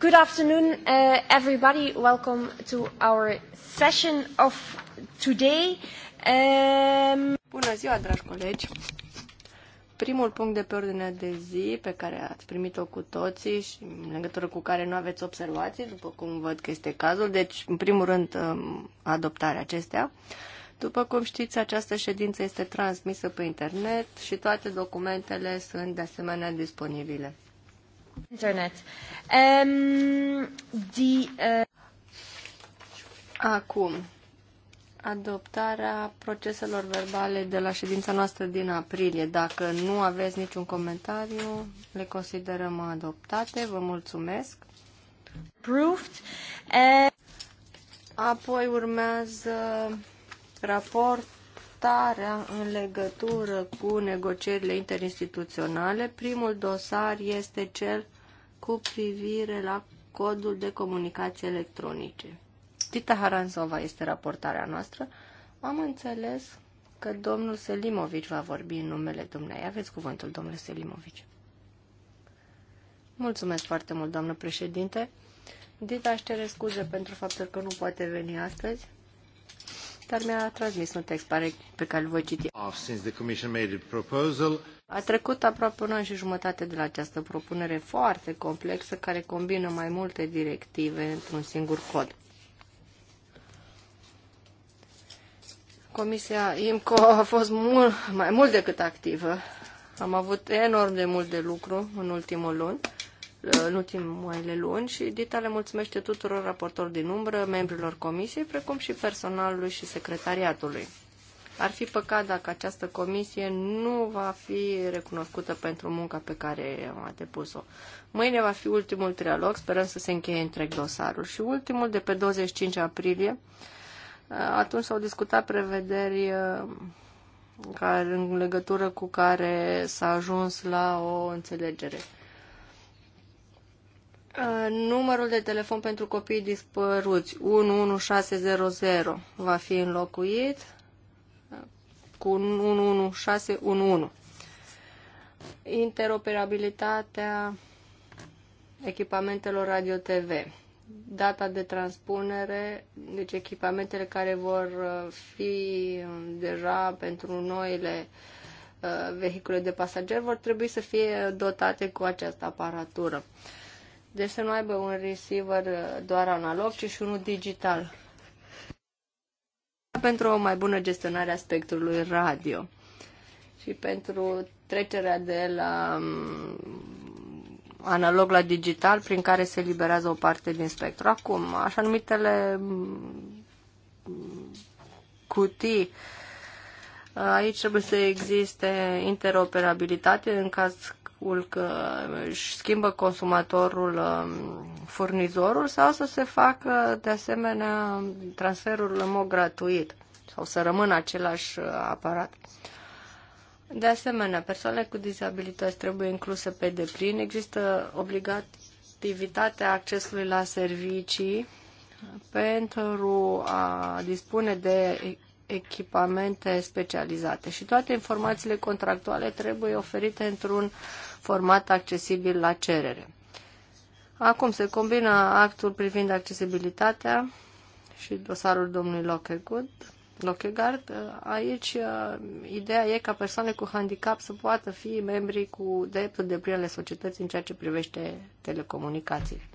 Good afternoon, uh, everybody. Welcome to our session of today. Um... Bună ziua, dragi colegi! Primul punct de pe ordinea de zi pe care ați primit-o cu toții și în legătură cu care nu aveți observații, după cum văd că este cazul, deci, în primul rând, um, adoptarea acestea. După cum știți, această ședință este transmisă pe internet și toate documentele sunt de asemenea disponibile. Internet. Um, ehm, the, uh... Acum, adoptarea proceselor verbale de la ședința noastră din aprilie. Dacă nu aveți niciun comentariu, le considerăm adoptate. Vă mulțumesc. Approved. Apoi urmează raport starea în legătură cu negocierile interinstituționale. Primul dosar este cel cu privire la codul de comunicație electronice. Tita Haranzova este raportarea noastră. Am înțeles că domnul Selimovici va vorbi în numele dumnei. Aveți cuvântul, domnule Selimovici. Mulțumesc foarte mult, doamnă președinte. Dita aș cere scuze pentru faptul că nu poate veni astăzi dar mi-a transmis un text pare, pe care îl voi citi. Ah, a trecut aproape un an și jumătate de la această propunere foarte complexă care combină mai multe directive într-un singur cod. Comisia IMCO a fost mult, mai mult decât activă. Am avut enorm de mult de lucru în ultimul luni Uh, în ultimele luni și Dita le mulțumește tuturor raportorilor din umbră, membrilor comisiei, precum și personalului și secretariatului. Ar fi păcat dacă această comisie nu va fi recunoscută pentru munca pe care a depus-o. Mâine va fi ultimul trialog, sperăm să se încheie întreg dosarul. Și ultimul, de pe 25 aprilie, uh, atunci s-au discutat prevederi uh, care, în legătură cu care s-a ajuns la o înțelegere. Numărul de telefon pentru copii dispăruți 11600 va fi înlocuit cu 11611. Interoperabilitatea echipamentelor radio TV. Data de transpunere, deci echipamentele care vor uh, fi um, deja pentru noile uh, vehicule de pasager vor trebui să fie dotate cu această aparatură. Uh, deci să nu aibă un receiver uh, doar analog, ci și unul digital. Pentru o mai bună gestionare a spectrului radio și pentru trecerea de la um, analog la digital prin care se liberează o parte din spectru. Acum, așa numitele um, cutii, uh, aici trebuie să existe interoperabilitate în caz ul că își schimbă consumatorul um, furnizorul sau să se facă de asemenea transferul în mod gratuit sau să rămână același uh, aparat. De asemenea, persoanele cu dizabilități trebuie incluse pe deplin. Există obligativitatea accesului la servicii pentru a dispune de echipamente specializate și toate informațiile contractuale trebuie oferite într-un format accesibil la cerere. Acum se combină actul privind accesibilitatea și dosarul domnului Lockegood, Lockegard, aici uh, ideea e ca persoane cu handicap să poată fi membri cu dreptul de plin ale societății în ceea ce privește telecomunicațiile.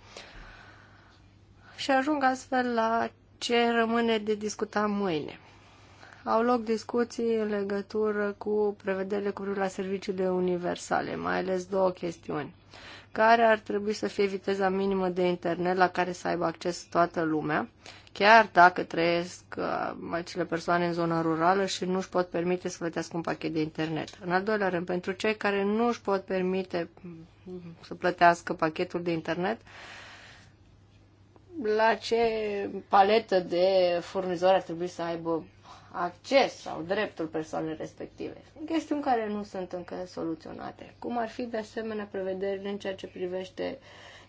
Și ajung astfel la ce rămâne de discutat mâine au loc discuții în legătură cu prevederile cu privire la serviciile universale, mai ales două chestiuni. Care ar trebui să fie viteza minimă de internet la care să aibă acces toată lumea, chiar dacă trăiesc uh, acele persoane în zona rurală și nu își pot permite să plătească un pachet de internet. În al doilea rând, pentru cei care nu își pot permite mm, să plătească pachetul de internet, la ce paletă de furnizori ar trebui să aibă acces sau dreptul persoanei respective. În chestiuni care nu sunt încă soluționate, cum ar fi de asemenea prevederile în ceea ce privește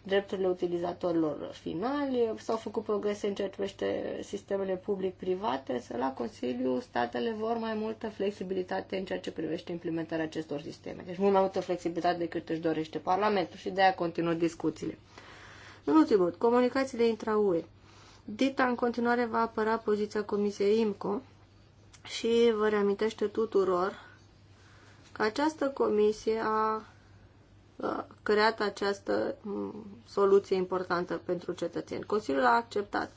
drepturile utilizatorilor finali, s-au făcut progrese în ceea ce privește sistemele public-private, să la Consiliu statele vor mai multă flexibilitate în ceea ce privește implementarea acestor sisteme. Deci mult mai multă flexibilitate decât își dorește Parlamentul și de aia continuă discuțiile. În ultimul, comunicațiile intra-UE. DITA în continuare va apăra poziția Comisiei IMCO și vă reamintește tuturor că această comisie a creat această soluție importantă pentru cetățeni. Consiliul a acceptat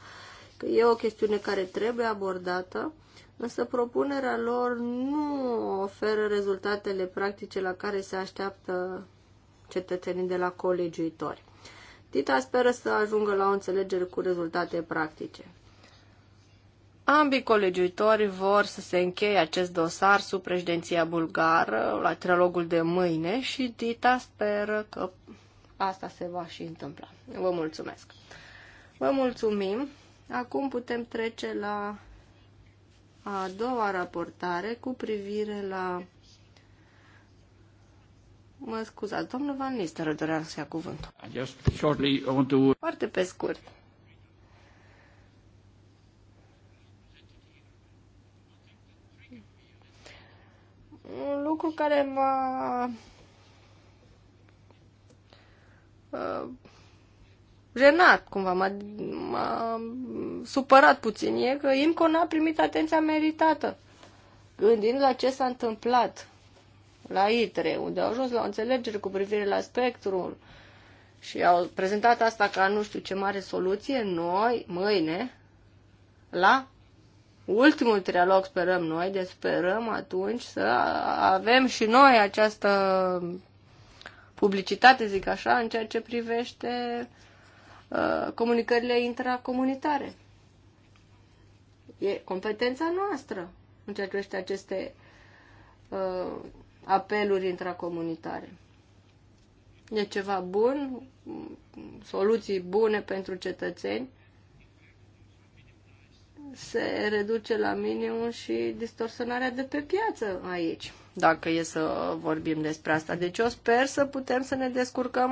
că e o chestiune care trebuie abordată, însă propunerea lor nu oferă rezultatele practice la care se așteaptă cetățenii de la colegiuitori. Tita speră să ajungă la o înțelegere cu rezultate practice. Ambii colegiuitori vor să se încheie acest dosar sub președinția bulgară la trilogul de mâine și Dita speră că asta se va și întâmpla. Vă mulțumesc! Vă mulțumim! Acum putem trece la a doua raportare cu privire la... Mă scuzați, domnul Van Nistelrooy doream să ia cuvântul. Foarte pe scurt. un lucru care m-a uh, jenat cumva, m-a, m-a supărat puțin, e că IMCO n-a primit atenția meritată. Gândind la ce s-a întâmplat la ITRE, unde au ajuns la o înțelegere cu privire la spectrul și au prezentat asta ca nu știu ce mare soluție, noi, mâine, la ultimul trialog, sperăm noi, de deci sperăm atunci să avem și noi această publicitate, zic așa, în ceea ce privește uh, comunicările intracomunitare. E competența noastră în ceea ce privește aceste uh, apeluri intracomunitare. E ceva bun, soluții bune pentru cetățeni se reduce la minimum și distorsionarea de pe piață aici, dacă e să vorbim despre asta. Deci eu sper să putem să ne descurcăm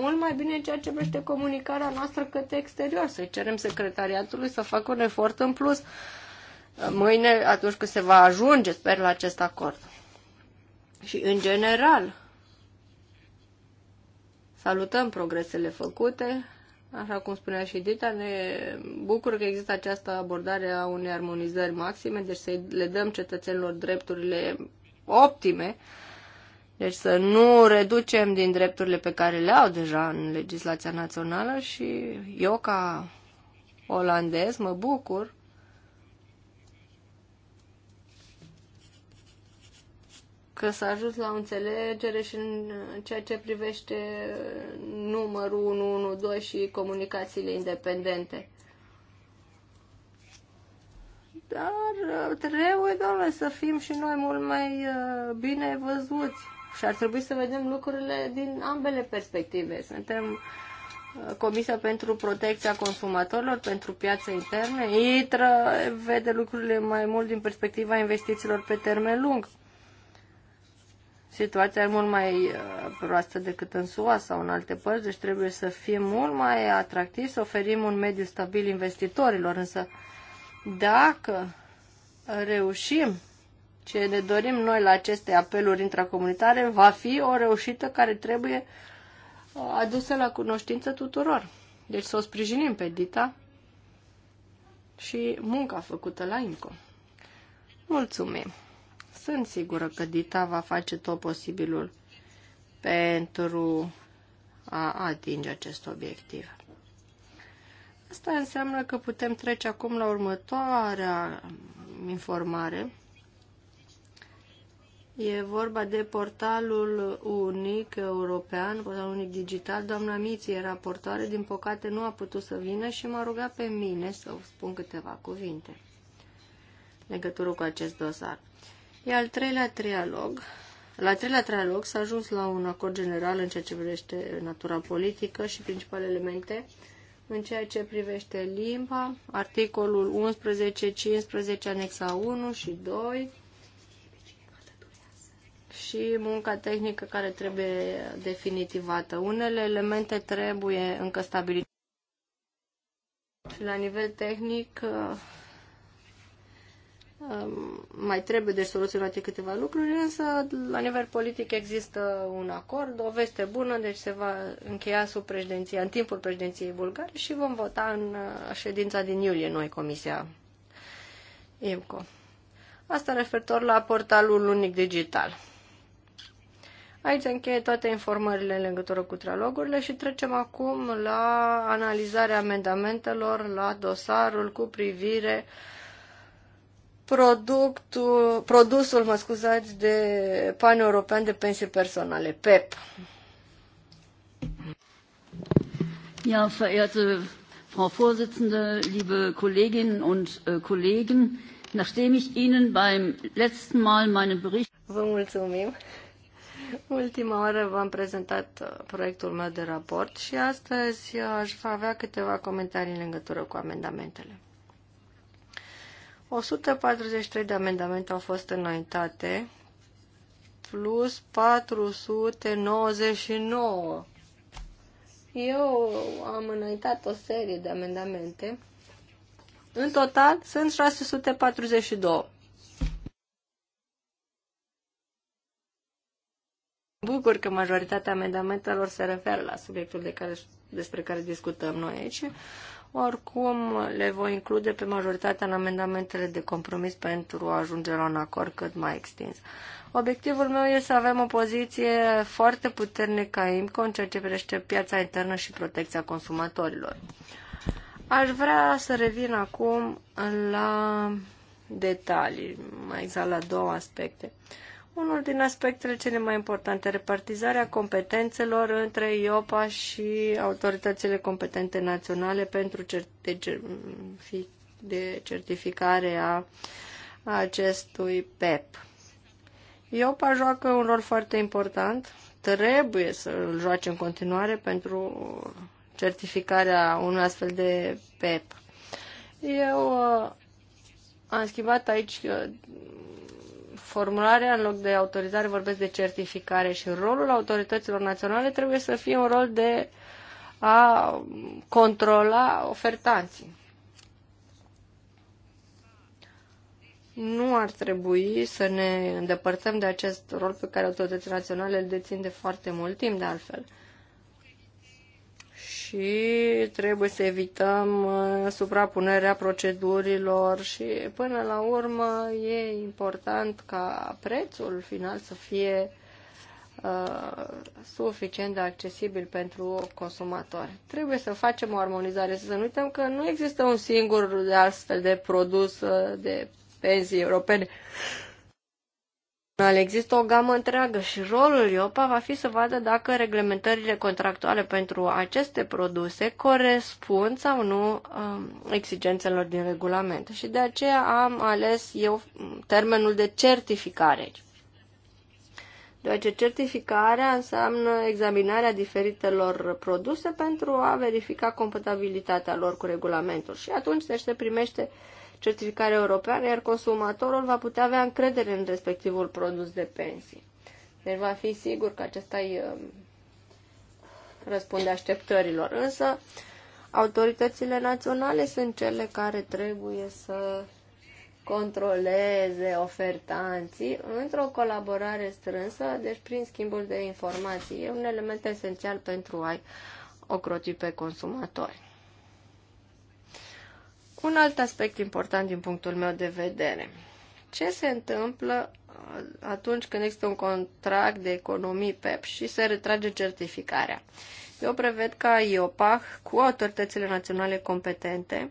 mult mai bine în ceea ce privește comunicarea noastră către exterior, să-i cerem secretariatului să facă un efort în plus mâine, atunci când se va ajunge, sper, la acest acord. Și în general, salutăm progresele făcute, Așa cum spunea și Dita, ne bucur că există această abordare a unei armonizări maxime, deci să le dăm cetățenilor drepturile optime, deci să nu reducem din drepturile pe care le au deja în legislația națională și eu ca olandez mă bucur că s-a ajuns la o înțelegere și în ceea ce privește numărul 112 și comunicațiile independente. Dar uh, trebuie, doamne, să fim și noi mult mai uh, bine văzuți și ar trebui să vedem lucrurile din ambele perspective. Suntem uh, Comisia pentru Protecția Consumatorilor, pentru piața internă. ITRA vede lucrurile mai mult din perspectiva investițiilor pe termen lung situația e mult mai uh, proastă decât în SUA sau în alte părți, deci trebuie să fie mult mai atractiv, să oferim un mediu stabil investitorilor, însă dacă reușim ce ne dorim noi la aceste apeluri intracomunitare, va fi o reușită care trebuie uh, adusă la cunoștință tuturor. Deci să o sprijinim pe Dita și munca făcută la INCO. Mulțumim! sunt sigură că Dita va face tot posibilul pentru a atinge acest obiectiv. Asta înseamnă că putem trece acum la următoarea informare. E vorba de portalul unic european, portalul unic digital. Doamna Miții era portoare, din păcate nu a putut să vină și m-a rugat pe mine să spun câteva cuvinte legătură cu acest dosar. E al treilea trialog. La treilea trialog s-a ajuns la un acord general în ceea ce privește natura politică și principalele elemente în ceea ce privește limba, articolul 11, 15, anexa 1 și 2 și munca tehnică care trebuie definitivată. Unele elemente trebuie încă stabilite. Și la nivel tehnic mai trebuie de deci soluționate câteva lucruri, însă la nivel politic există un acord, o veste bună, deci se va încheia sub președinția, în timpul președinției bulgare și vom vota în uh, ședința din iulie noi, Comisia IMCO. Asta referitor la portalul unic digital. Aici încheie toate informările în legătură cu trialogurile și trecem acum la analizarea amendamentelor la dosarul cu privire uh, productul, produsul, mă scuzați, de Pan European de Pensii Personale, PEP. Ja, verehrte Frau Vorsitzende, liebe Kolleginnen und äh, Kollegen, nachdem ich Ihnen beim letzten Mal meinen Bericht... Vă mulțumim. Ultima oară v-am prezentat uh, proiectul meu de raport și astăzi uh, aș avea câteva comentarii în legătură cu amendamentele. 143 de amendamente au fost înaintate, plus 499. Eu am înaintat o serie de amendamente. În total sunt 642. bucur că majoritatea amendamentelor se referă la subiectul de care, despre care discutăm noi aici. Oricum, le voi include pe majoritatea în amendamentele de compromis pentru a ajunge la un acord cât mai extins. Obiectivul meu este să avem o poziție foarte puternică a IMCO în ceea ce privește piața internă și protecția consumatorilor. Aș vrea să revin acum la detalii, mai exact la două aspecte. Uh, unul din aspectele cele mai importante, repartizarea competențelor între IOPA și autoritățile competente naționale pentru de certificare a acestui PEP. IOPA joacă un rol foarte important, trebuie să îl joace în continuare pentru certificarea unui astfel de PEP. Eu uh, am schimbat aici uh, formularea în loc de autorizare vorbesc de certificare și rolul autorităților naționale trebuie să fie un rol de a controla ofertanții. Nu ar trebui să ne îndepărtăm de acest rol pe care autoritățile naționale îl dețin de foarte mult timp, de altfel și trebuie să evităm uh, suprapunerea procedurilor și până la urmă e important ca prețul final să fie uh, suficient de accesibil pentru consumatori. Trebuie să facem o armonizare, să nu uităm că nu există un singur de astfel de produs uh, de pensii europene. Uh, Există o gamă întreagă și rolul IOPA va fi să vadă dacă reglementările contractuale pentru aceste produse corespund sau nu um, exigențelor din regulament. Și de aceea am ales eu termenul de certificare. Deoarece certificarea înseamnă examinarea diferitelor produse pentru a verifica compatibilitatea lor cu regulamentul. Și atunci deci, se primește uh, certificare europeană, iar consumatorul va putea avea încredere în respectivul produs de pensii. Deci va fi sigur că acesta îi um, răspunde așteptărilor. Însă, autoritățile naționale sunt cele care trebuie să controleze ofertanții într-o colaborare strânsă, deci prin schimbul de informații. E un element esențial pentru a-i ocroti pe consumatori. Un alt aspect important din punctul meu de vedere. Ce se întâmplă uh, atunci când există un contract de economii PEP și se retrage certificarea? Eu preved ca IOPAH cu autoritățile naționale competente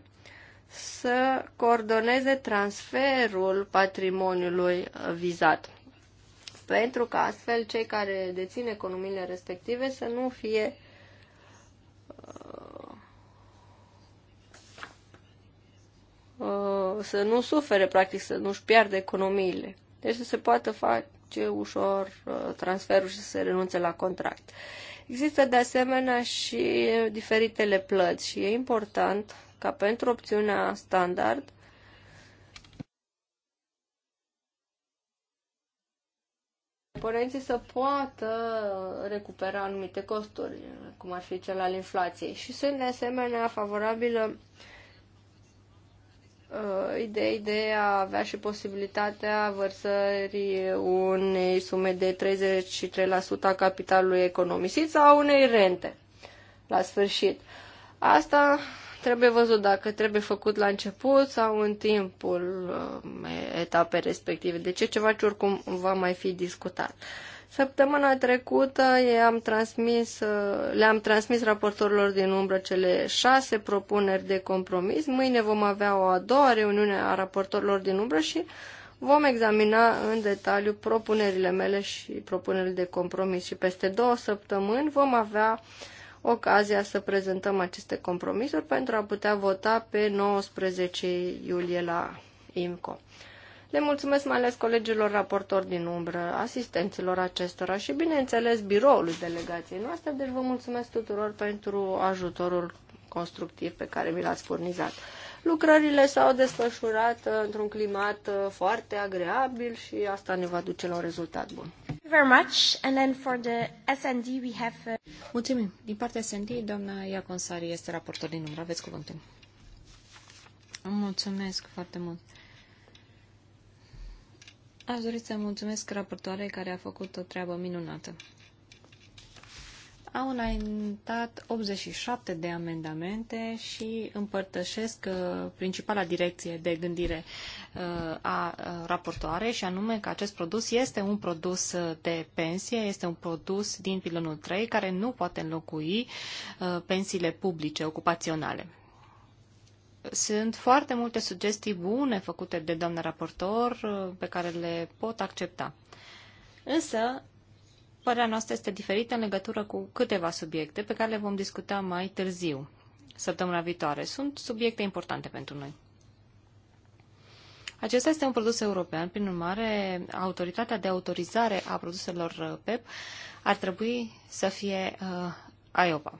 să coordoneze transferul patrimoniului uh, vizat. Pentru că astfel cei care dețin economiile respective să nu fie uh, Uh, să nu sufere, practic, să nu-și piardă economiile. Deci să se poată face ușor uh, transferul și să se renunțe la contract. Există de asemenea și diferitele plăți și e important ca pentru opțiunea standard Părinții să poată recupera anumite costuri, cum ar fi cel al inflației. Și sunt de asemenea favorabilă uh, uh, idei de a avea și posibilitatea vărsării unei sume de 33% a capitalului economisit sau unei rente la sfârșit. Asta trebuie văzut dacă trebuie făcut la început sau în timpul uh, etapei respective. Deci e ceva ce oricum va mai fi discutat. Uh, Săptămâna trecută am transmis, uh, le-am transmis raportorilor din umbră cele șase propuneri de compromis. Mâine vom avea o a doua reuniune a raportorilor din umbră și vom examina în detaliu propunerile mele și propunerile de compromis. Și peste două săptămâni vom avea ocazia să prezentăm aceste compromisuri pentru a putea vota pe 19 iulie la IMCO. Le mulțumesc mai ales colegilor raportori din umbră, asistenților acestora și, bineînțeles, biroului delegației noastre, deci vă mulțumesc tuturor pentru ajutorul constructiv pe care mi l-ați furnizat. Lucrările s-au desfășurat uh, într-un climat uh, foarte agreabil și asta ne va duce la un rezultat bun. Mulțumim. Din partea S&D, doamna Iaconsari este raportor din număr. Aveți cuvântul. Mulțumesc foarte mult. Aș dori să mulțumesc raportoarei care a făcut o treabă minunată. Au înaintat 87 de amendamente și împărtășesc uh, principala direcție de gândire uh, a uh, raportoarei și anume că acest produs este un produs uh, de pensie, este un produs din pilonul 3 care nu poate înlocui uh, pensiile publice ocupaționale. Sunt foarte multe sugestii bune făcute de doamna raportor uh, pe care le pot accepta. Însă, părerea noastră este diferită în legătură cu câteva subiecte pe care le vom discuta mai târziu, săptămâna viitoare. Sunt subiecte importante pentru noi. Acesta este un produs european, prin urmare, autoritatea de autorizare a produselor uh, PEP ar trebui să fie uh, IOPA.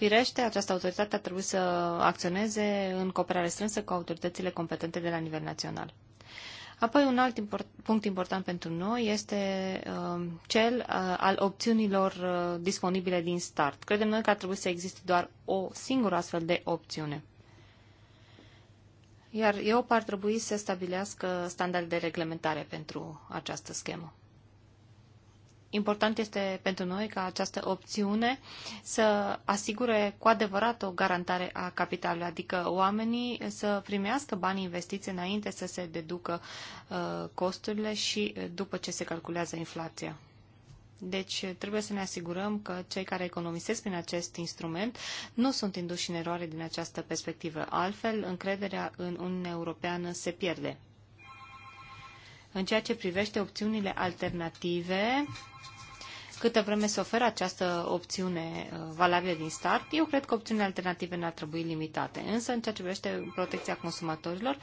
Firește, această autoritate ar trebui să acționeze în cooperare strânsă cu autoritățile competente de la nivel național. Apoi, un alt import, punct important pentru noi este uh, cel uh, al opțiunilor uh, disponibile din start. Credem noi că ar trebui să existe doar o singură astfel de opțiune. Iar EOP ar trebui să stabilească standarde de reglementare pentru această schemă. Important este pentru noi ca această opțiune să asigure cu adevărat o garantare a capitalului, adică oamenii să primească banii investiți înainte să se deducă uh, costurile și uh, după ce se calculează inflația. Deci uh, trebuie să ne asigurăm că cei care economisesc prin acest instrument nu sunt induși în eroare din această perspectivă. Altfel, încrederea în Uniunea Europeană se pierde în ceea ce privește opțiunile alternative, câtă vreme se oferă această opțiune uh, valabilă din start, eu cred că opțiunile alternative n-ar trebui limitate. Însă, în ceea ce privește protecția consumatorilor,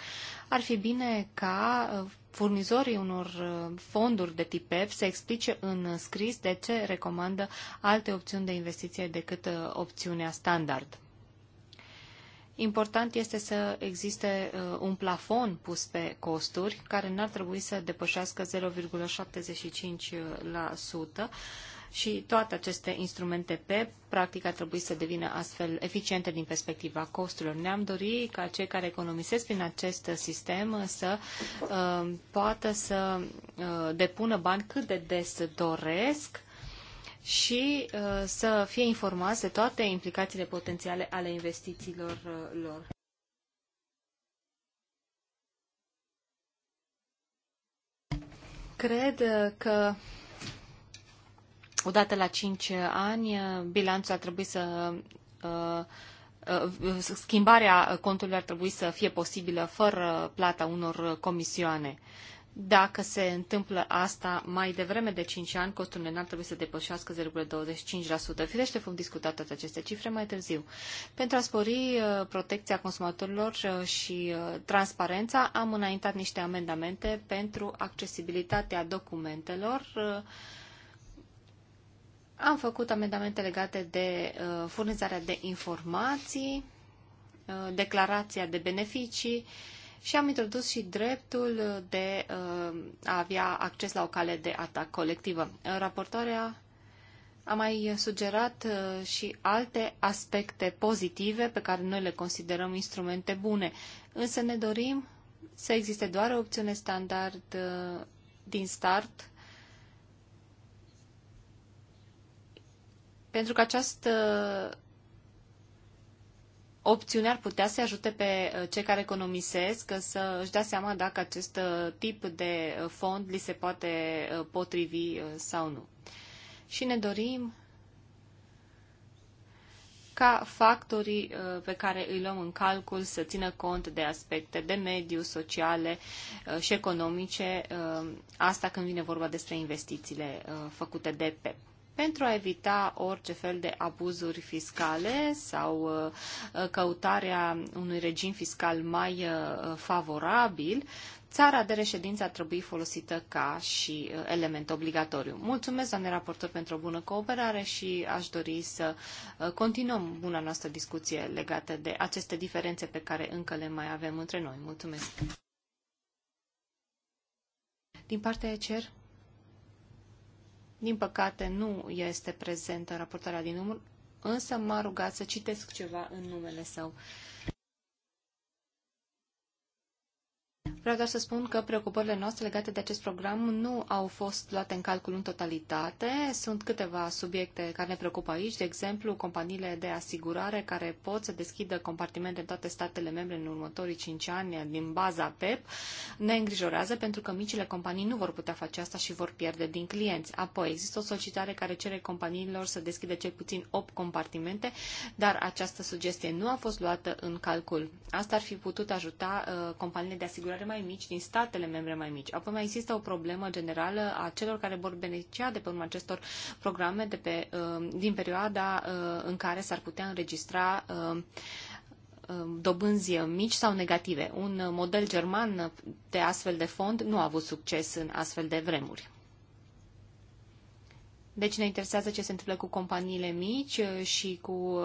ar fi bine ca uh, furnizorii unor uh, fonduri de tip PEP să explice în scris de ce recomandă alte opțiuni de investiție decât opțiunea standard. Important este să existe uh, un plafon pus pe costuri care n-ar trebui să depășească 0,75% și toate aceste instrumente pe practic ar trebui să devină astfel eficiente din perspectiva costurilor. Ne-am dorit ca cei care economisesc prin acest sistem să uh, poată să uh, depună bani cât de des doresc și uh, să fie informați de toate implicațiile potențiale ale investițiilor uh, lor. Cred uh, că odată la 5 ani uh, bilanțul ar trebui să uh, uh schimbarea contului ar trebui să fie posibilă fără plata unor comisioane. Dacă se întâmplă asta mai devreme de 5 ani, costul lunar trebuie să depășească 0,25%. Firește vom discuta toate aceste cifre mai târziu. Pentru a spori uh, protecția consumatorilor uh, și uh, transparența, am înaintat niște amendamente pentru accesibilitatea documentelor. Am făcut amendamente legate de furnizarea de informații, declarația de beneficii, și am introdus și dreptul de uh, a avea acces la o cale de atac colectivă. Raportoarea a mai sugerat uh, și alte aspecte pozitive pe care noi le considerăm instrumente bune, însă ne dorim să existe doar o opțiune standard uh, din start pentru că această opțiune ar putea să ajute pe uh, cei care economisesc uh, să își dea seama dacă acest uh, tip de fond li se poate potrivi sau nu. Și ne dorim ca factorii pe care îi luăm în calcul să țină cont de aspecte de mediu, sociale și economice, asta când vine vorba despre investițiile făcute de PEP pentru a evita orice fel de abuzuri fiscale sau uh, căutarea unui regim fiscal mai uh, favorabil, țara de reședință ar trebui folosită ca și uh, element obligatoriu. Mulțumesc, doamne raportor, pentru o bună cooperare și aș dori să continuăm buna noastră discuție legată de aceste diferențe pe care încă le mai avem între noi. Mulțumesc! Din partea cer. Din păcate nu este prezentă în raportarea din număr, însă m-a rugat să citesc ceva în numele său. Vreau doar să spun că preocupările noastre legate de acest program nu au fost luate în calcul în totalitate. Sunt câteva subiecte care ne preocupă aici, de exemplu, companiile de asigurare care pot să deschidă compartimente în toate statele membre în următorii 5 ani din baza PEP. Ne îngrijorează pentru că micile companii nu vor putea face asta și vor pierde din clienți. Apoi, există o solicitare care cere companiilor să deschidă cel puțin 8 compartimente, dar această sugestie nu a fost luată în calcul. Asta ar fi putut ajuta uh, companiile de asigurare mai mai mici, din statele membre mai mici. Apoi mai există o problemă generală a celor care vor beneficia de pe urma acestor programe de pe, uh, din perioada uh, în care s-ar putea înregistra uh, dobânzi mici sau negative. Un model german de astfel de fond nu a avut succes în astfel de vremuri. Deci ne interesează ce se întâmplă cu companiile mici și cu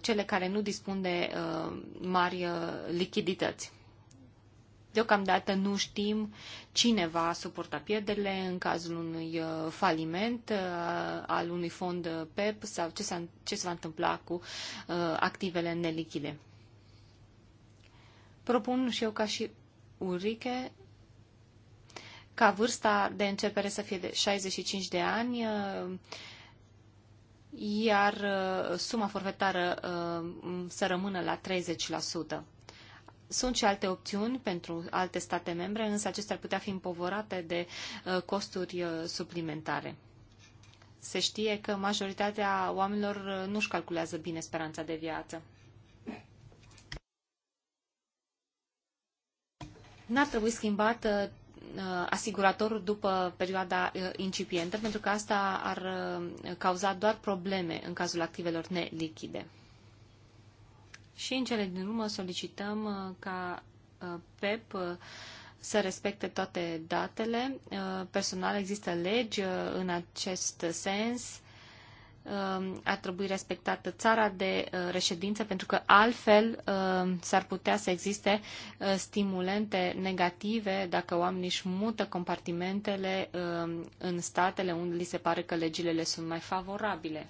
cele care nu dispun de mari lichidități. Deocamdată nu știm cine va suporta pierderile în cazul unui uh, faliment uh, al unui fond PEP sau ce, s-a, ce se va întâmpla cu uh, activele nelichide. Propun și eu ca și Ulrike ca vârsta de începere să fie de 65 de ani, iar suma forfetară să rămână la 30%. Sunt și alte opțiuni pentru alte state membre, însă acestea ar putea fi împovorate de uh, costuri uh, suplimentare. Se știe că majoritatea oamenilor uh, nu-și calculează bine speranța de viață. N-ar trebui schimbat asiguratorul după perioada incipientă, pentru că asta ar cauza doar probleme în cazul activelor nelichide. Și în cele din urmă solicităm uh, ca uh, PEP uh, să respecte toate datele. Personal există legi în acest sens. Ar trebui respectată țara de reședință pentru că altfel s-ar putea să existe stimulente negative dacă oamenii își mută compartimentele în statele unde li se pare că legile le sunt mai favorabile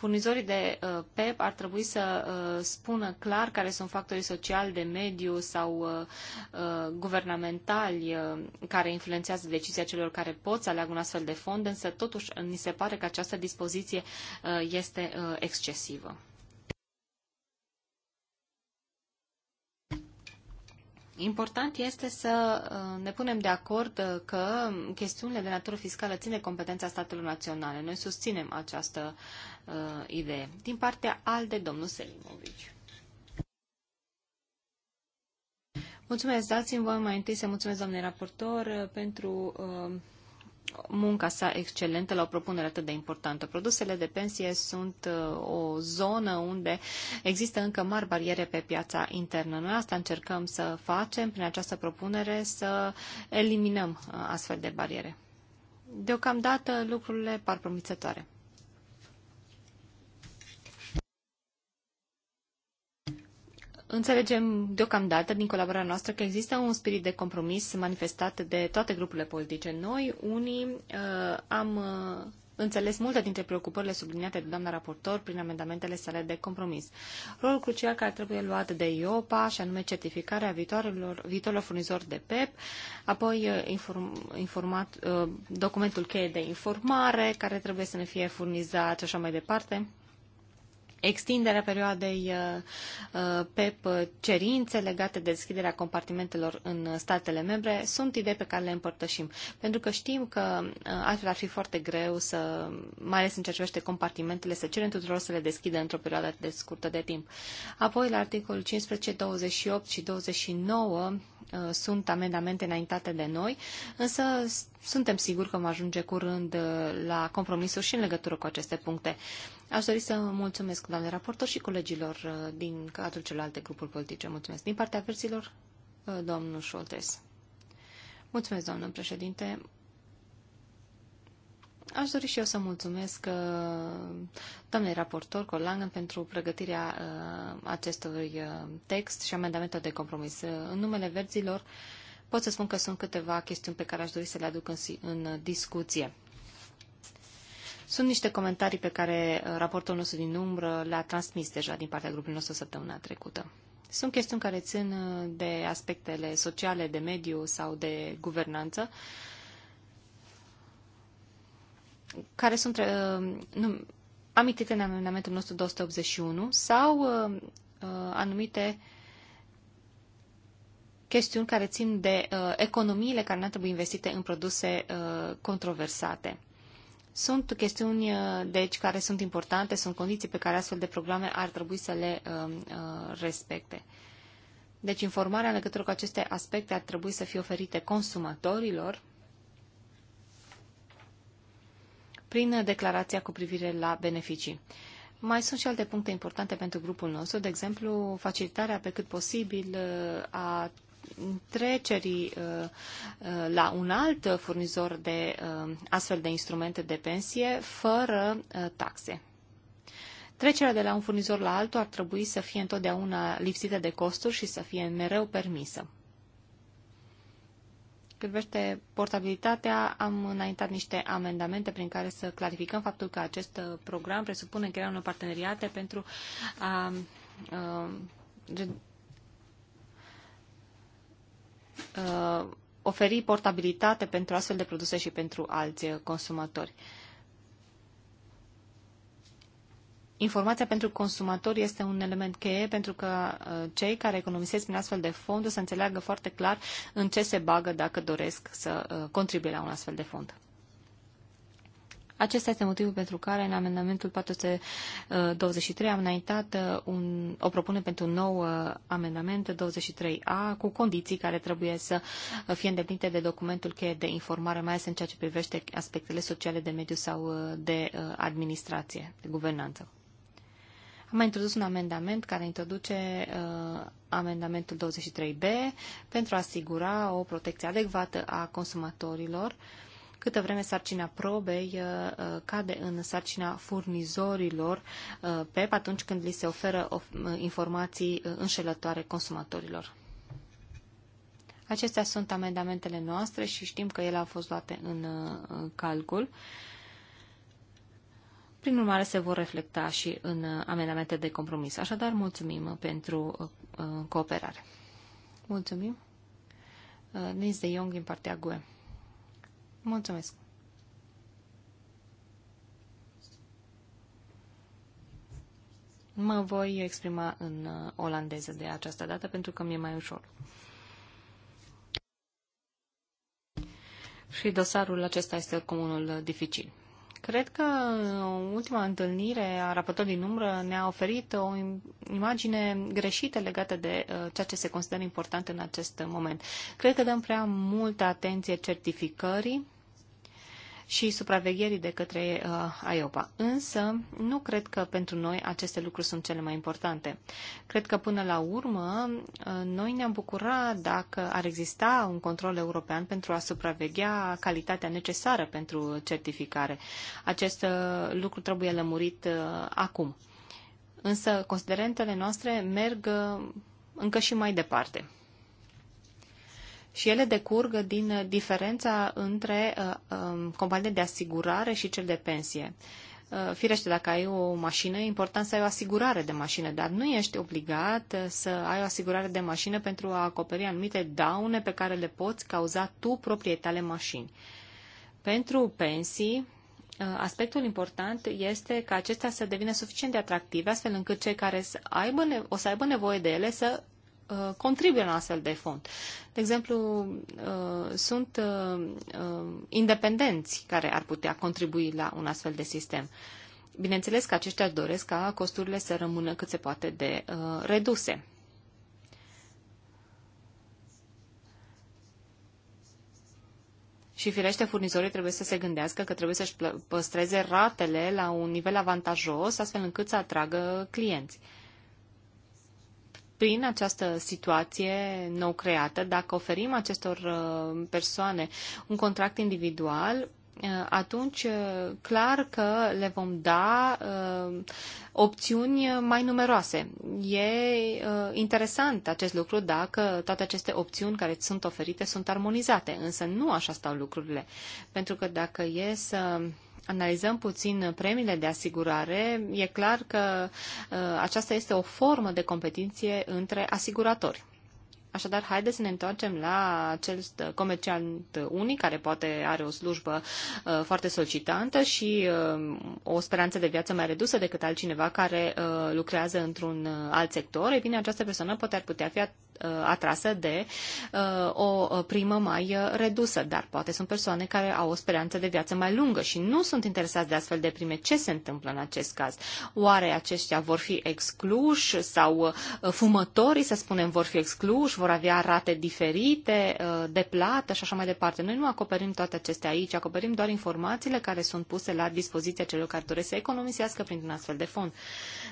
furnizorii de PEP uh, ar trebui să uh, spună clar care sunt factorii sociali, de mediu sau uh, guvernamentali care influențează decizia celor care pot să aleagă un astfel de fond, însă totuși ni se pare că această dispoziție este excesivă. Important este să uh, ne punem de acord uh, că chestiunile de natură fiscală ține competența statelor naționale. Noi susținem această uh, idee. Din partea ALDE, domnul Selimovici. Mulțumesc, dați-mi voi mai întâi să mulțumesc, domnule raportor, uh, pentru uh, munca sa excelentă la o propunere atât de importantă. Produsele de pensie sunt uh, o zonă unde există încă mari bariere pe piața internă. Noi asta încercăm să facem prin această propunere, să eliminăm uh, astfel de bariere. Deocamdată lucrurile par promițătoare. Înțelegem deocamdată din colaborarea noastră că există un spirit de compromis manifestat de toate grupurile politice. Noi, unii, uh, am uh, înțeles multe dintre preocupările subliniate de doamna raportor prin amendamentele sale de compromis. Rolul crucial care trebuie luat de IOPA, și anume certificarea viitorilor, viitorilor furnizori de PEP, apoi uh, inform, informat, uh, documentul cheie de informare care trebuie să ne fie furnizat și așa mai departe extinderea perioadei uh, uh, PEP, uh, cerințe legate de deschiderea compartimentelor în statele membre, sunt idei pe care le împărtășim. Pentru că știm că altfel ar fi foarte greu să, mai ales în ceea ce privește compartimentele, să cerem tuturor să le deschidă într-o perioadă de scurtă de timp. Apoi, la articolul 15, 28 și 29 sunt amendamente înaintate de noi, însă suntem siguri că vom ajunge curând uh, la compromisuri și în legătură cu aceste puncte. Aș dori să mulțumesc, doamne raportor, și colegilor uh, din cadrul celorlalte grupuri politice. Mulțumesc. Din partea verților, uh, domnul Șoltes. Mulțumesc, doamnă președinte. Aș dori și eu să mulțumesc doamnei raportor Colangan pentru pregătirea acestui text și amendamentul de compromis. În numele verzilor, pot să spun că sunt câteva chestiuni pe care aș dori să le aduc în, în discuție. Sunt niște comentarii pe care uh, raportul nostru din umbră le-a transmis deja din partea grupului nostru săptămâna trecută. Sunt chestiuni care țin uh, de aspectele sociale, de mediu sau de guvernanță, care sunt uh, nu, amintite în amendamentul nostru 281 sau uh, uh anumite uh, chestiuni care țin de uh, economiile care n-ar trebui investite în produse uh, controversate. Sunt chestiuni, uh, deci, care sunt importante, sunt condiții pe care astfel de programe ar trebui să le uh, uh respecte. Deci, informarea în legătură cu aceste aspecte ar trebui să fie oferite consumatorilor prin uh, declarația cu privire la beneficii. Mai sunt și alte puncte importante pentru grupul nostru, de exemplu, facilitarea pe cât posibil a trecerii uh, uh, la un alt furnizor de uh, astfel de instrumente de pensie fără taxe. Trecerea de la un furnizor la altul ar trebui să fie întotdeauna lipsită de costuri și să fie mereu permisă. Cât vește portabilitatea, am înaintat niște amendamente prin care să clarificăm faptul că acest program presupune crearea unor parteneriate pentru a, a uh, oferi portabilitate pentru astfel de produse și pentru alți uh, consumatori. Informația pentru consumatori este un element cheie pentru că uh, cei care economisesc prin astfel de fonduri să înțeleagă foarte clar în ce se bagă dacă doresc să uh, contribuie la un astfel de fond. Acesta este motivul pentru care în amendamentul 423 uh, am înaintat uh, un, o propunere pentru un nou uh, amendament 23A cu condiții care trebuie să fie îndeplinite de documentul cheie de informare, mai ales în ceea ce privește aspectele sociale de mediu sau de administrație, de guvernanță. Am mai introdus un amendament care introduce uh, amendamentul 23B pentru a asigura o protecție adecvată a consumatorilor uh, Câtă vreme sarcina probei uh, uh, cade în sarcina furnizorilor uh, PEP atunci când li se oferă informații înșelătoare consumatorilor. Acestea sunt amendamentele noastre și știm că ele au fost luate în calcul. Prin urmare, se vor reflecta și în amendamente de compromis. Așadar, mulțumim pentru cooperare. Mulțumim. Nils de Jong din partea GUE. Mulțumesc! Mă voi exprima în uh, olandeză de această dată pentru că mi-e mai ușor. Și dosarul acesta este comunul dificil. Cred că uh, ultima întâlnire a raportorului din umbră ne-a oferit o imagine greșită legată de uh, ceea ce se consideră important în acest moment. Cred că dăm prea multă atenție certificării și supravegherii de către uh, IOPA. Însă, nu cred că pentru noi aceste lucruri sunt cele mai importante. Cred că până la urmă, uh, noi ne-am bucurat dacă ar exista un control european pentru a supraveghea calitatea necesară pentru certificare. Acest uh, lucru trebuie lămurit uh, acum. Însă, considerentele noastre merg uh, încă și mai departe și ele decurg din uh, diferența între uh, um, companiile de asigurare și cel de pensie. Uh, firește, dacă ai o mașină, e important să ai o asigurare de mașină, dar nu ești obligat să ai o asigurare de mașină pentru a acoperi anumite daune pe care le poți cauza tu propriei tale mașini. Pentru pensii, aspectul important este ca acestea să devină suficient de atractive, astfel încât cei care să aibă, o să aibă nevoie de ele să Uh, contribuie la astfel de fond. De exemplu, uh, sunt uh, independenți care ar putea contribui la un astfel de sistem. Bineînțeles că aceștia doresc ca costurile să rămână cât se poate de reduse. Și firește, furnizorii trebuie să se gândească că trebuie să-și păstreze ratele la un nivel avantajos, astfel încât să atragă clienți prin această situație nou creată, dacă oferim acestor uh, persoane un contract individual, uh, atunci uh, clar că le vom da opțiuni mai numeroase. E interesant acest lucru dacă toate aceste opțiuni care sunt oferite sunt armonizate, însă nu așa stau lucrurile. Pentru că dacă e să analizăm puțin premiile de asigurare, e clar că ă, aceasta este o formă de competiție între asiguratori. Așadar, haideți să ne întoarcem la acel comerciant unic care poate are o slujbă uh, foarte solicitantă și uh, o speranță de viață mai redusă decât altcineva care uh, lucrează într-un uh, alt sector. Ei bine, această persoană poate ar putea fi uh, atrasă de uh, o primă mai redusă, dar poate sunt persoane care au o speranță de viață mai lungă și nu sunt interesați de astfel de prime. Ce se întâmplă în acest caz? Oare aceștia vor fi excluși sau fumătorii, să spunem, vor fi excluși? vor avea rate diferite uh, de plată și așa mai departe. Noi nu acoperim toate acestea aici, acoperim doar informațiile care sunt puse la dispoziția celor care doresc să economisească printr-un astfel de fond.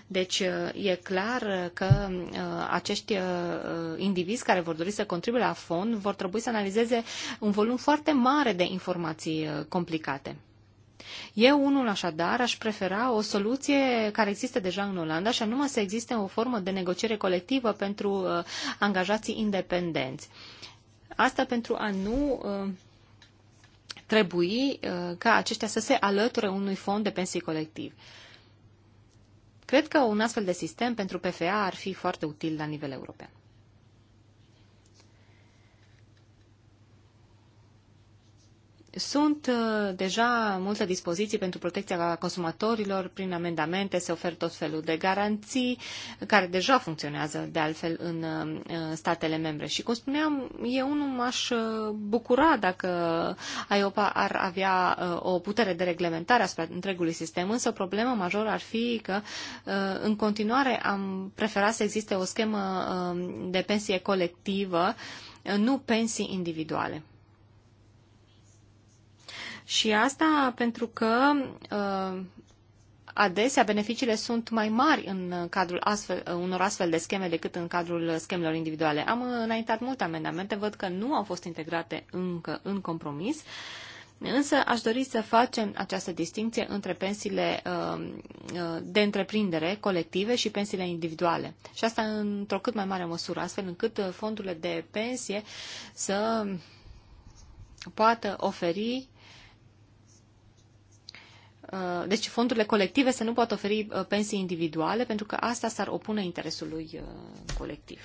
Deci uh, e clar că uh, acești indivizi care vor dori să contribuie la fond vor trebui să analizeze un volum foarte mare de informații complicate. Eu, unul așadar, aș prefera o soluție care există deja în Olanda și anume să existe o formă de negociere colectivă pentru uh, angajații independenți. Asta pentru a nu uh, trebui uh, ca aceștia să se alăture unui fond de pensii colectiv. Cred că un astfel de sistem pentru PFA ar fi foarte util la nivel european. Sunt uh, deja multe dispoziții pentru protecția consumatorilor, prin amendamente se oferă tot felul de garanții care deja funcționează de altfel în uh, statele membre. Și cum spuneam, eu nu m-aș uh, bucura dacă IOPA ar avea o putere de reglementare asupra întregului sistem, însă o problemă majoră ar fi că în continuare am preferat să existe o schemă de pensie colectivă, nu pensii individuale. Și asta pentru că uh, adesea beneficiile sunt mai mari în cadrul astfel, unor astfel de scheme decât în cadrul schemelor individuale. Am înaintat multe amendamente, văd că nu au fost integrate încă în compromis. Însă aș dori să facem această distinție între pensiile uh, uh, de întreprindere colective și pensiile individuale. Și asta într-o cât mai mare măsură, astfel încât fondurile de pensie să poată oferi Uh, deci fondurile colective să nu poată oferi uh, pensii individuale, pentru că asta s-ar opune interesului uh, colectiv.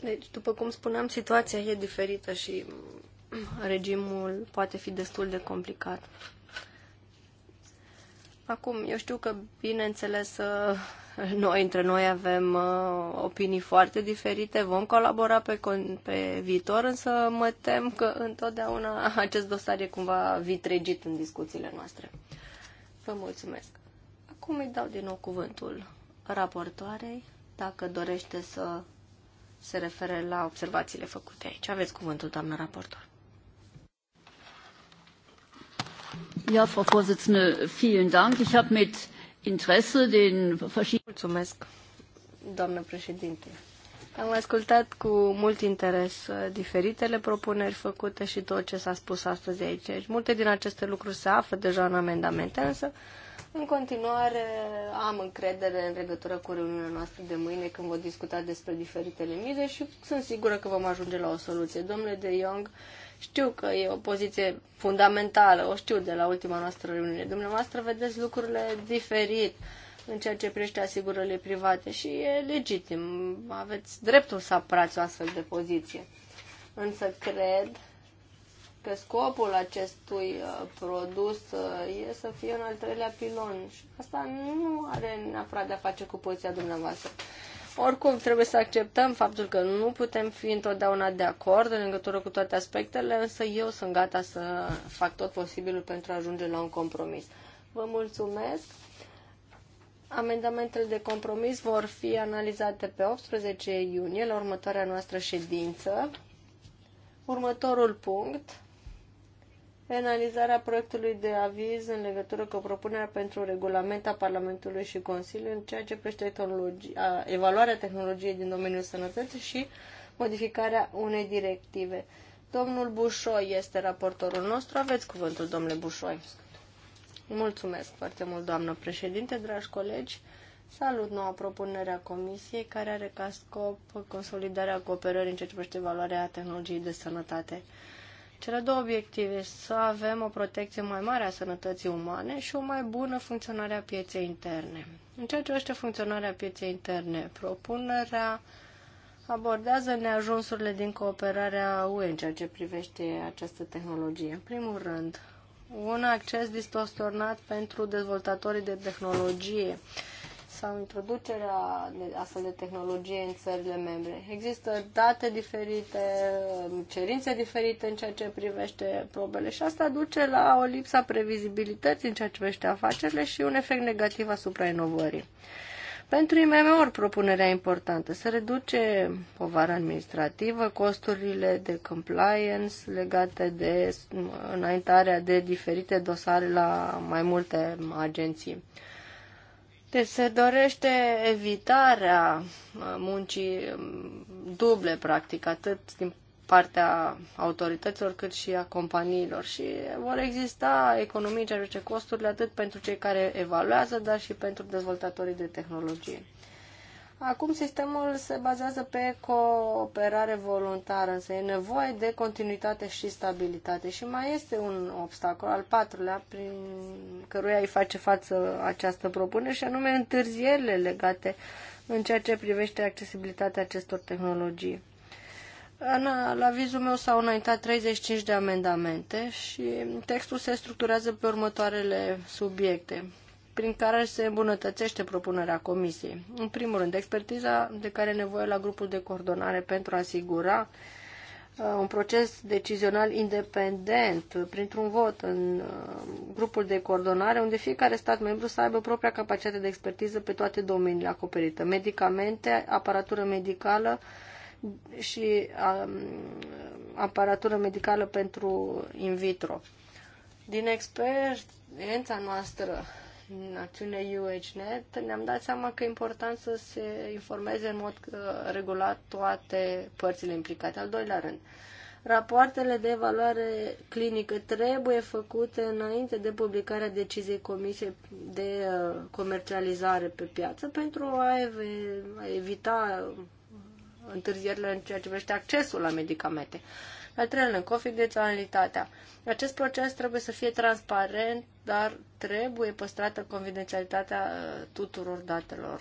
Deci, după cum spuneam, situația e diferită și mm, regimul poate fi destul de complicat. Acum, eu știu că, bineînțeles, noi între noi avem uh, opinii foarte diferite, vom colabora pe, pe viitor, însă mă tem că întotdeauna acest dosar e cumva vitregit în discuțiile noastre. Vă mulțumesc. Acum îi dau din nou cuvântul raportoarei, dacă dorește să se refere la observațiile făcute aici. Aveți cuvântul, doamnă raportor. Ja, Frau Vorsitzende, vielen Dank. Ich habe mit din Mulțumesc, doamnă președinte. Am ascultat cu mult interes uh, diferitele propuneri făcute și tot ce s-a spus astăzi aici. Deci, multe din aceste lucruri se află deja în amendamente, însă în continuare am încredere în legătură cu reuniunea noastră de mâine când vom discuta despre diferitele mize și sunt sigură că vom ajunge la o soluție. Domnule de Jong, știu că e o poziție fundamentală, o știu de la ultima noastră reuniune. Dumneavoastră vedeți lucrurile diferit în ceea ce privește asigurările private și e legitim. Aveți dreptul să apărați o astfel de poziție. Însă cred că scopul acestui uh, produs uh, e să fie un al treilea pilon și asta nu are neapărat de a face cu poziția dumneavoastră. Oricum, trebuie să acceptăm faptul că nu putem fi întotdeauna de acord în legătură cu toate aspectele, însă eu sunt gata să fac tot posibilul pentru a ajunge la un compromis. Vă mulțumesc! Amendamentele de compromis vor fi analizate pe 18 iunie, la următoarea noastră ședință. Următorul punct penalizarea proiectului de aviz în legătură cu propunerea pentru regulament a Parlamentului și Consiliului în ceea ce privește evaluarea tehnologiei din domeniul sănătății și modificarea unei directive. Domnul Bușoi este raportorul nostru. Aveți cuvântul, domnule Bușoi. Mulțumesc foarte mult, doamnă președinte, dragi colegi. Salut noua propunere a Comisiei, care are ca scop consolidarea cooperării în ceea ce privește evaluarea tehnologiei de sănătate. Cele două obiective, să avem o protecție mai mare a sănătății umane și o mai bună funcționare a pieței interne. În ceea ce privește funcționarea pieței interne, propunerea abordează neajunsurile din cooperarea UE în ceea ce privește această tehnologie. În primul rând, un acces distorsionat pentru dezvoltatorii de tehnologie sau introducerea astfel de tehnologie în țările membre. Există date diferite, cerințe diferite în ceea ce privește probele și asta duce la o lipsa previzibilității în ceea ce privește afacerile și un efect negativ asupra inovării. Pentru IMM-uri propunerea importantă să reduce povara administrativă, costurile de compliance legate de înaintarea de diferite dosare la mai multe agenții. Deci se dorește evitarea uh, muncii um, duble, practic, atât din partea autorităților cât și a companiilor și vor exista economii ce reduce costurile atât pentru cei care evaluează, dar și pentru dezvoltatorii de tehnologie. Acum sistemul se bazează pe cooperare voluntară, însă e nevoie de continuitate și stabilitate. Și mai este un obstacol, al patrulea, prin căruia îi face față această propunere, și anume întârzierile legate în ceea ce privește accesibilitatea acestor tehnologii. Ana, la vizul meu s-au înaintat 35 de amendamente și textul se structurează pe următoarele subiecte prin care se îmbunătățește propunerea comisiei. În primul rând, expertiza de care e nevoie la grupul de coordonare pentru a asigura uh, un proces decizional independent uh, printr-un vot în uh, grupul de coordonare unde fiecare stat membru să aibă propria capacitate de expertiză pe toate domeniile acoperite, medicamente, aparatură medicală și um, aparatură medicală pentru in vitro. Din experiența noastră în UHNet, ne-am dat seama că e important să se informeze în mod uh, regulat toate părțile implicate. Al doilea rând, rapoartele de evaluare clinică trebuie făcute înainte de publicarea deciziei Comisiei de uh, comercializare pe piață pentru a evita uh, întârzierile în ceea ce privește accesul la medicamente. Al treilea, confidențialitatea. Acest proces trebuie să fie transparent, dar trebuie păstrată confidențialitatea uh, tuturor datelor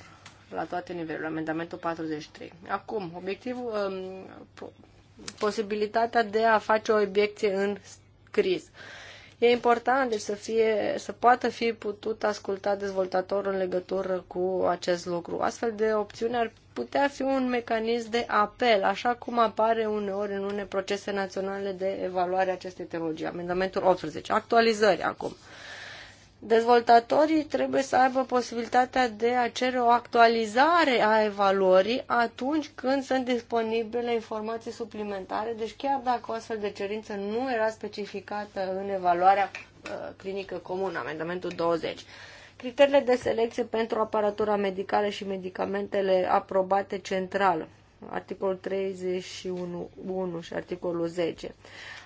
la toate nivelurile. Amendamentul 43. Acum, obiectivul, um, posibilitatea de a face o obiecție în scris. E important deci, să, fie, să poată fi putut asculta dezvoltatorul în legătură cu acest lucru. Astfel de opțiune ar putea fi un mecanism de apel, așa cum apare uneori în unele procese naționale de evaluare a acestei tehnologii. Amendamentul 18. Actualizări acum. Dezvoltatorii trebuie să aibă posibilitatea de a cere o actualizare a evaluării atunci când sunt disponibile informații suplimentare, deci chiar dacă o astfel de cerință nu era specificată în evaluarea uh, clinică comună, amendamentul 20 criteriile de selecție pentru aparatura medicală și medicamentele aprobate central, articolul 31.1 și articolul 10.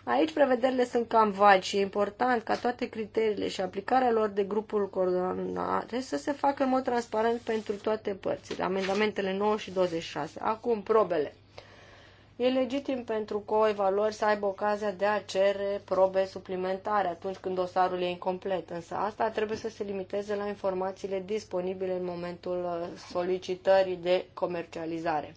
Aici prevederile sunt cam vagi și e important ca toate criteriile și aplicarea lor de grupul coordonare să se facă în mod transparent pentru toate părțile, amendamentele 9 și 26. Acum, probele. E legitim pentru o evaluări să aibă ocazia de a cere probe suplimentare atunci când dosarul e incomplet, însă asta trebuie să se limiteze la informațiile disponibile în momentul uh, solicitării de comercializare.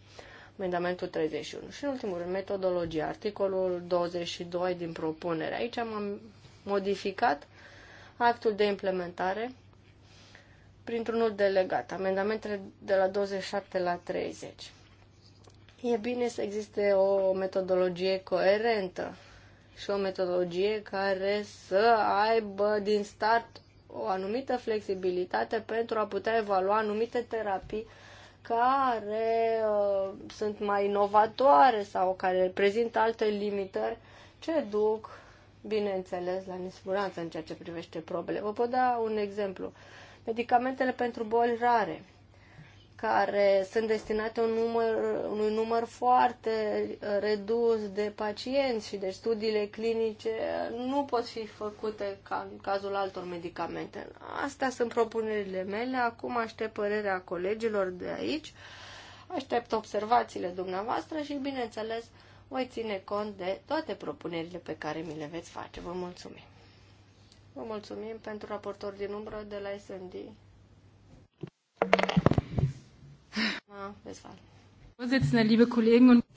Amendamentul 31. Și în ultimul rând, metodologia. Articolul 22 din propunere. Aici am modificat actul de implementare printr-unul delegat. Amendamentele de la 27 la 30. E bine să existe o metodologie coerentă și o metodologie care să aibă din start o anumită flexibilitate pentru a putea evalua anumite terapii care uh, sunt mai inovatoare sau care prezintă alte limitări ce duc, bineînțeles, la nesiguranță în ceea ce privește probleme. Vă pot da un exemplu. Medicamentele pentru boli rare care sunt destinate un număr, unui număr foarte uh, redus de pacienți și de deci studiile clinice nu pot fi făcute ca în cazul altor medicamente. Astea sunt propunerile mele. Acum aștept părerea colegilor de aici, aștept observațiile dumneavoastră și, bineînțeles, voi ține cont de toate propunerile pe care mi le veți face. Vă mulțumim! Vă mulțumim pentru raportor din umbră de la Snd.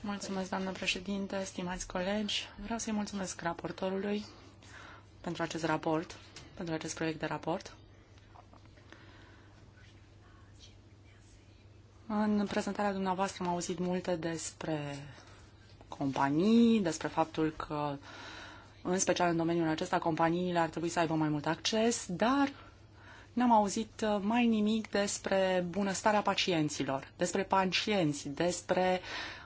Mulțumesc, doamnă președinte, stimați colegi. Vreau să-i mulțumesc raportorului pentru acest raport, pentru acest proiect de raport. În prezentarea dumneavoastră am auzit multe despre companii, despre faptul că, în special în domeniul acesta, companiile ar trebui să aibă mai mult acces, dar n-am auzit uh, mai nimic despre bunăstarea pacienților, despre pacienți, despre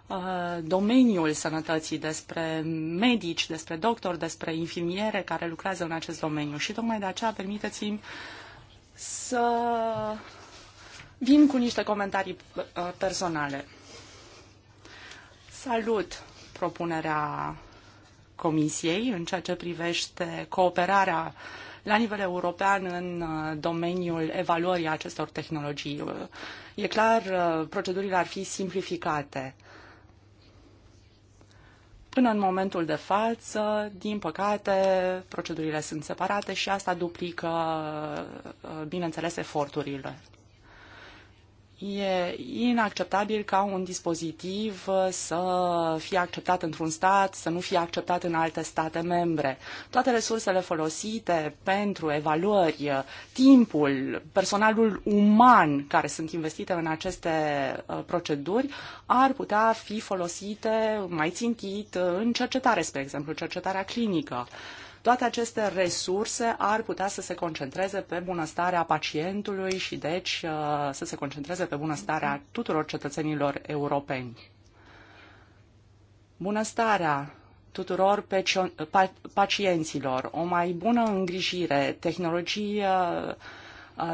uh, domeniul sănătății, despre medici, despre doctori, despre infirmiere care lucrează în acest domeniu. Și tocmai de aceea permiteți-mi să vin cu niște comentarii uh, personale. Salut propunerea Comisiei în ceea ce privește cooperarea uh, la nivel european în uh, domeniul evaluării acestor tehnologii. Uh, e clar, uh, procedurile ar fi simplificate. Până în momentul de față, din păcate, procedurile sunt separate și asta duplică, bineînțeles, eforturile E inacceptabil ca un dispozitiv uh, să fie acceptat într-un stat, să nu fie acceptat în alte state membre. Toate resursele folosite pentru evaluări, uh, timpul, personalul uman care sunt investite în aceste uh, proceduri ar putea fi folosite mai țintit în cercetare, spre exemplu, cercetarea clinică. Toate aceste resurse ar putea să se concentreze pe bunăstarea pacientului și deci uh, să se concentreze pe bunăstarea tuturor cetățenilor europeni. Bunăstarea tuturor pacienților, o mai bună îngrijire, tehnologii uh,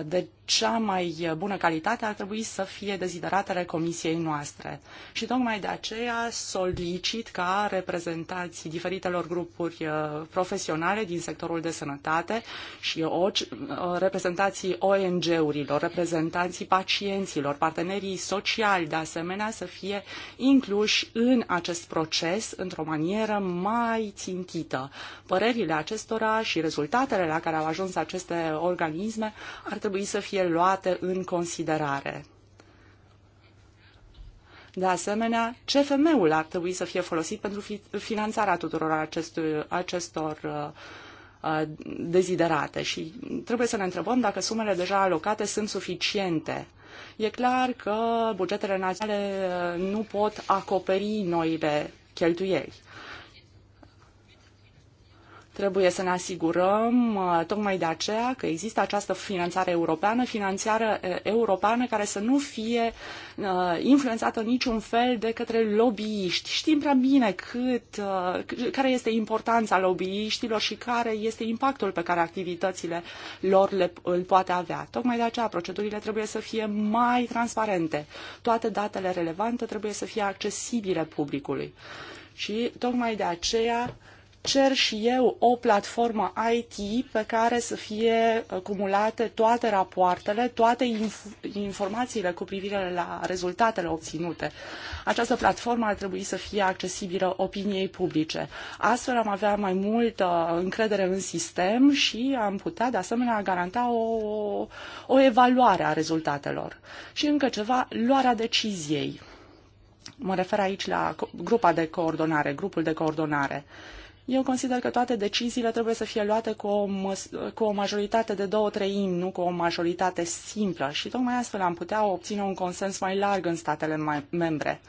de cea mai bună calitate ar trebui să fie dezideratele comisiei noastre. Și tocmai de aceea solicit ca reprezentanții diferitelor grupuri uh, profesionale din sectorul de sănătate și uh, reprezentanții ONG-urilor, reprezentanții pacienților, partenerii sociali, de asemenea, să fie incluși în acest proces într-o manieră mai țintită. Părerile acestora și rezultatele la care au ajuns aceste organisme ar trebui să fie fie luate în considerare. De asemenea, CFM-ul ar trebui să fie folosit pentru fi finanțarea tuturor acestui, acestor uh, uh, deziderate și trebuie să ne întrebăm dacă sumele deja alocate sunt suficiente. E clar că bugetele naționale uh, nu pot acoperi noile cheltuieli. Trebuie să ne asigurăm uh, tocmai de aceea că există această finanțare europeană, finanțare uh, europeană care să nu fie uh, influențată în niciun fel de către lobbyiști. Știm prea bine cât, care este importanța lobbyiștilor și care este impactul pe care activitățile lor le, îl poate avea. Tocmai de aceea procedurile trebuie să fie mai transparente. Toate datele relevante trebuie să fie accesibile publicului. Și tocmai de aceea cer și eu o platformă IT pe care să fie cumulate toate rapoartele, toate inf- informațiile cu privire la rezultatele obținute. Această platformă ar trebui să fie accesibilă opiniei publice. Astfel am avea mai multă încredere în sistem și am putea de asemenea garanta o, o evaluare a rezultatelor. Și încă ceva, luarea deciziei. Mă refer aici la grupa de coordonare, grupul de coordonare. Uh, eu consider că toate deciziile trebuie să fie luate cu o, cu o majoritate de două treimi, nu cu o majoritate simplă și tocmai astfel am putea obține un consens mai larg în statele mai membre.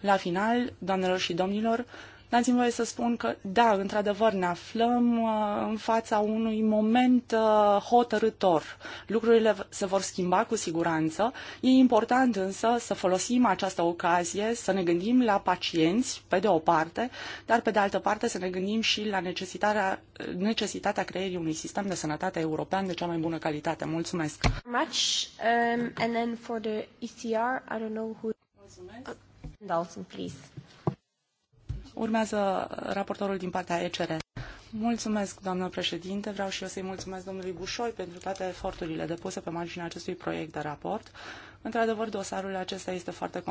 La final, doamnelor și domnilor, Dați-mi voie să spun că, da, într-adevăr, ne aflăm uh, în fața unui moment uh, hotărător. Lucrurile se vor schimba cu siguranță. E important însă să folosim această ocazie, să ne gândim la pacienți, pe de o parte, dar pe de altă parte să ne gândim și la necesitatea, necesitatea creierii unui sistem de sănătate european de cea mai bună calitate. Mulțumesc! Much, um, and then for the ECR, I don't know who... Mulțumesc! Dalton, please. Urmează raportorul din partea ECR. Mulțumesc, doamnă președinte. Vreau și eu să-i mulțumesc domnului Bușoi pentru toate eforturile depuse pe marginea acestui proiect de raport. Într-adevăr, dosarul acesta este foarte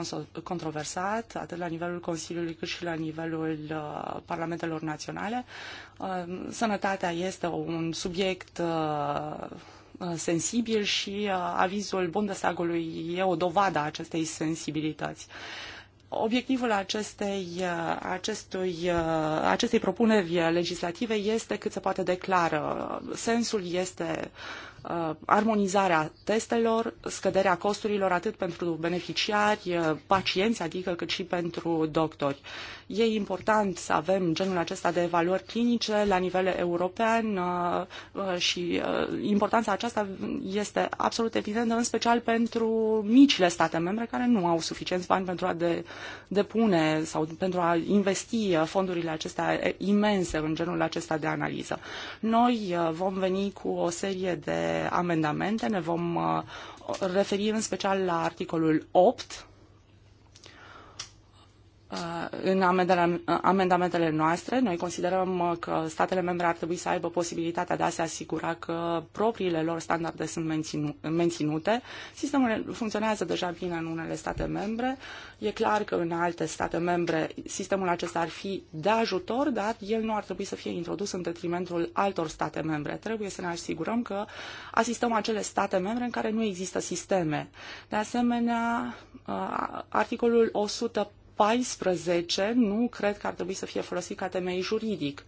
controversat, atât la nivelul Consiliului cât și la nivelul uh, Parlamentelor Naționale. Uh, sănătatea este un subiect uh, uh sensibil și uh, avizul Bundestagului e o dovadă a acestei sensibilități. Uh, Obiectivul acestei, uh, acestui, uh, acestei propuneri legislative este cât se poate declară. Sensul este Uh, armonizarea testelor, scăderea costurilor atât pentru beneficiari, uh, pacienți, adică cât și pentru doctori. E important să avem genul acesta de evaluări clinice la nivel european uh, și importanța aceasta este absolut evidentă, în special pentru micile state membre care nu au suficienți bani pentru a depune sau pentru a investi fondurile acestea imense în genul acesta de analiză. Noi vom veni cu o serie de amendamente. Ne vom uh, referi în special la articolul 8 Uh, în uh, amendamentele noastre. Noi considerăm uh, că statele membre ar trebui să aibă posibilitatea de a se asigura că propriile lor standarde sunt menținute. Sistemul funcționează deja bine în unele state membre. E clar că în alte state membre sistemul acesta ar fi de ajutor, dar el nu ar trebui să fie introdus în detrimentul altor state membre. Trebuie să ne asigurăm că asistăm acele state membre în care nu există sisteme. De asemenea, articolul 100 14 nu cred că ar trebui să fie folosit ca temei juridic.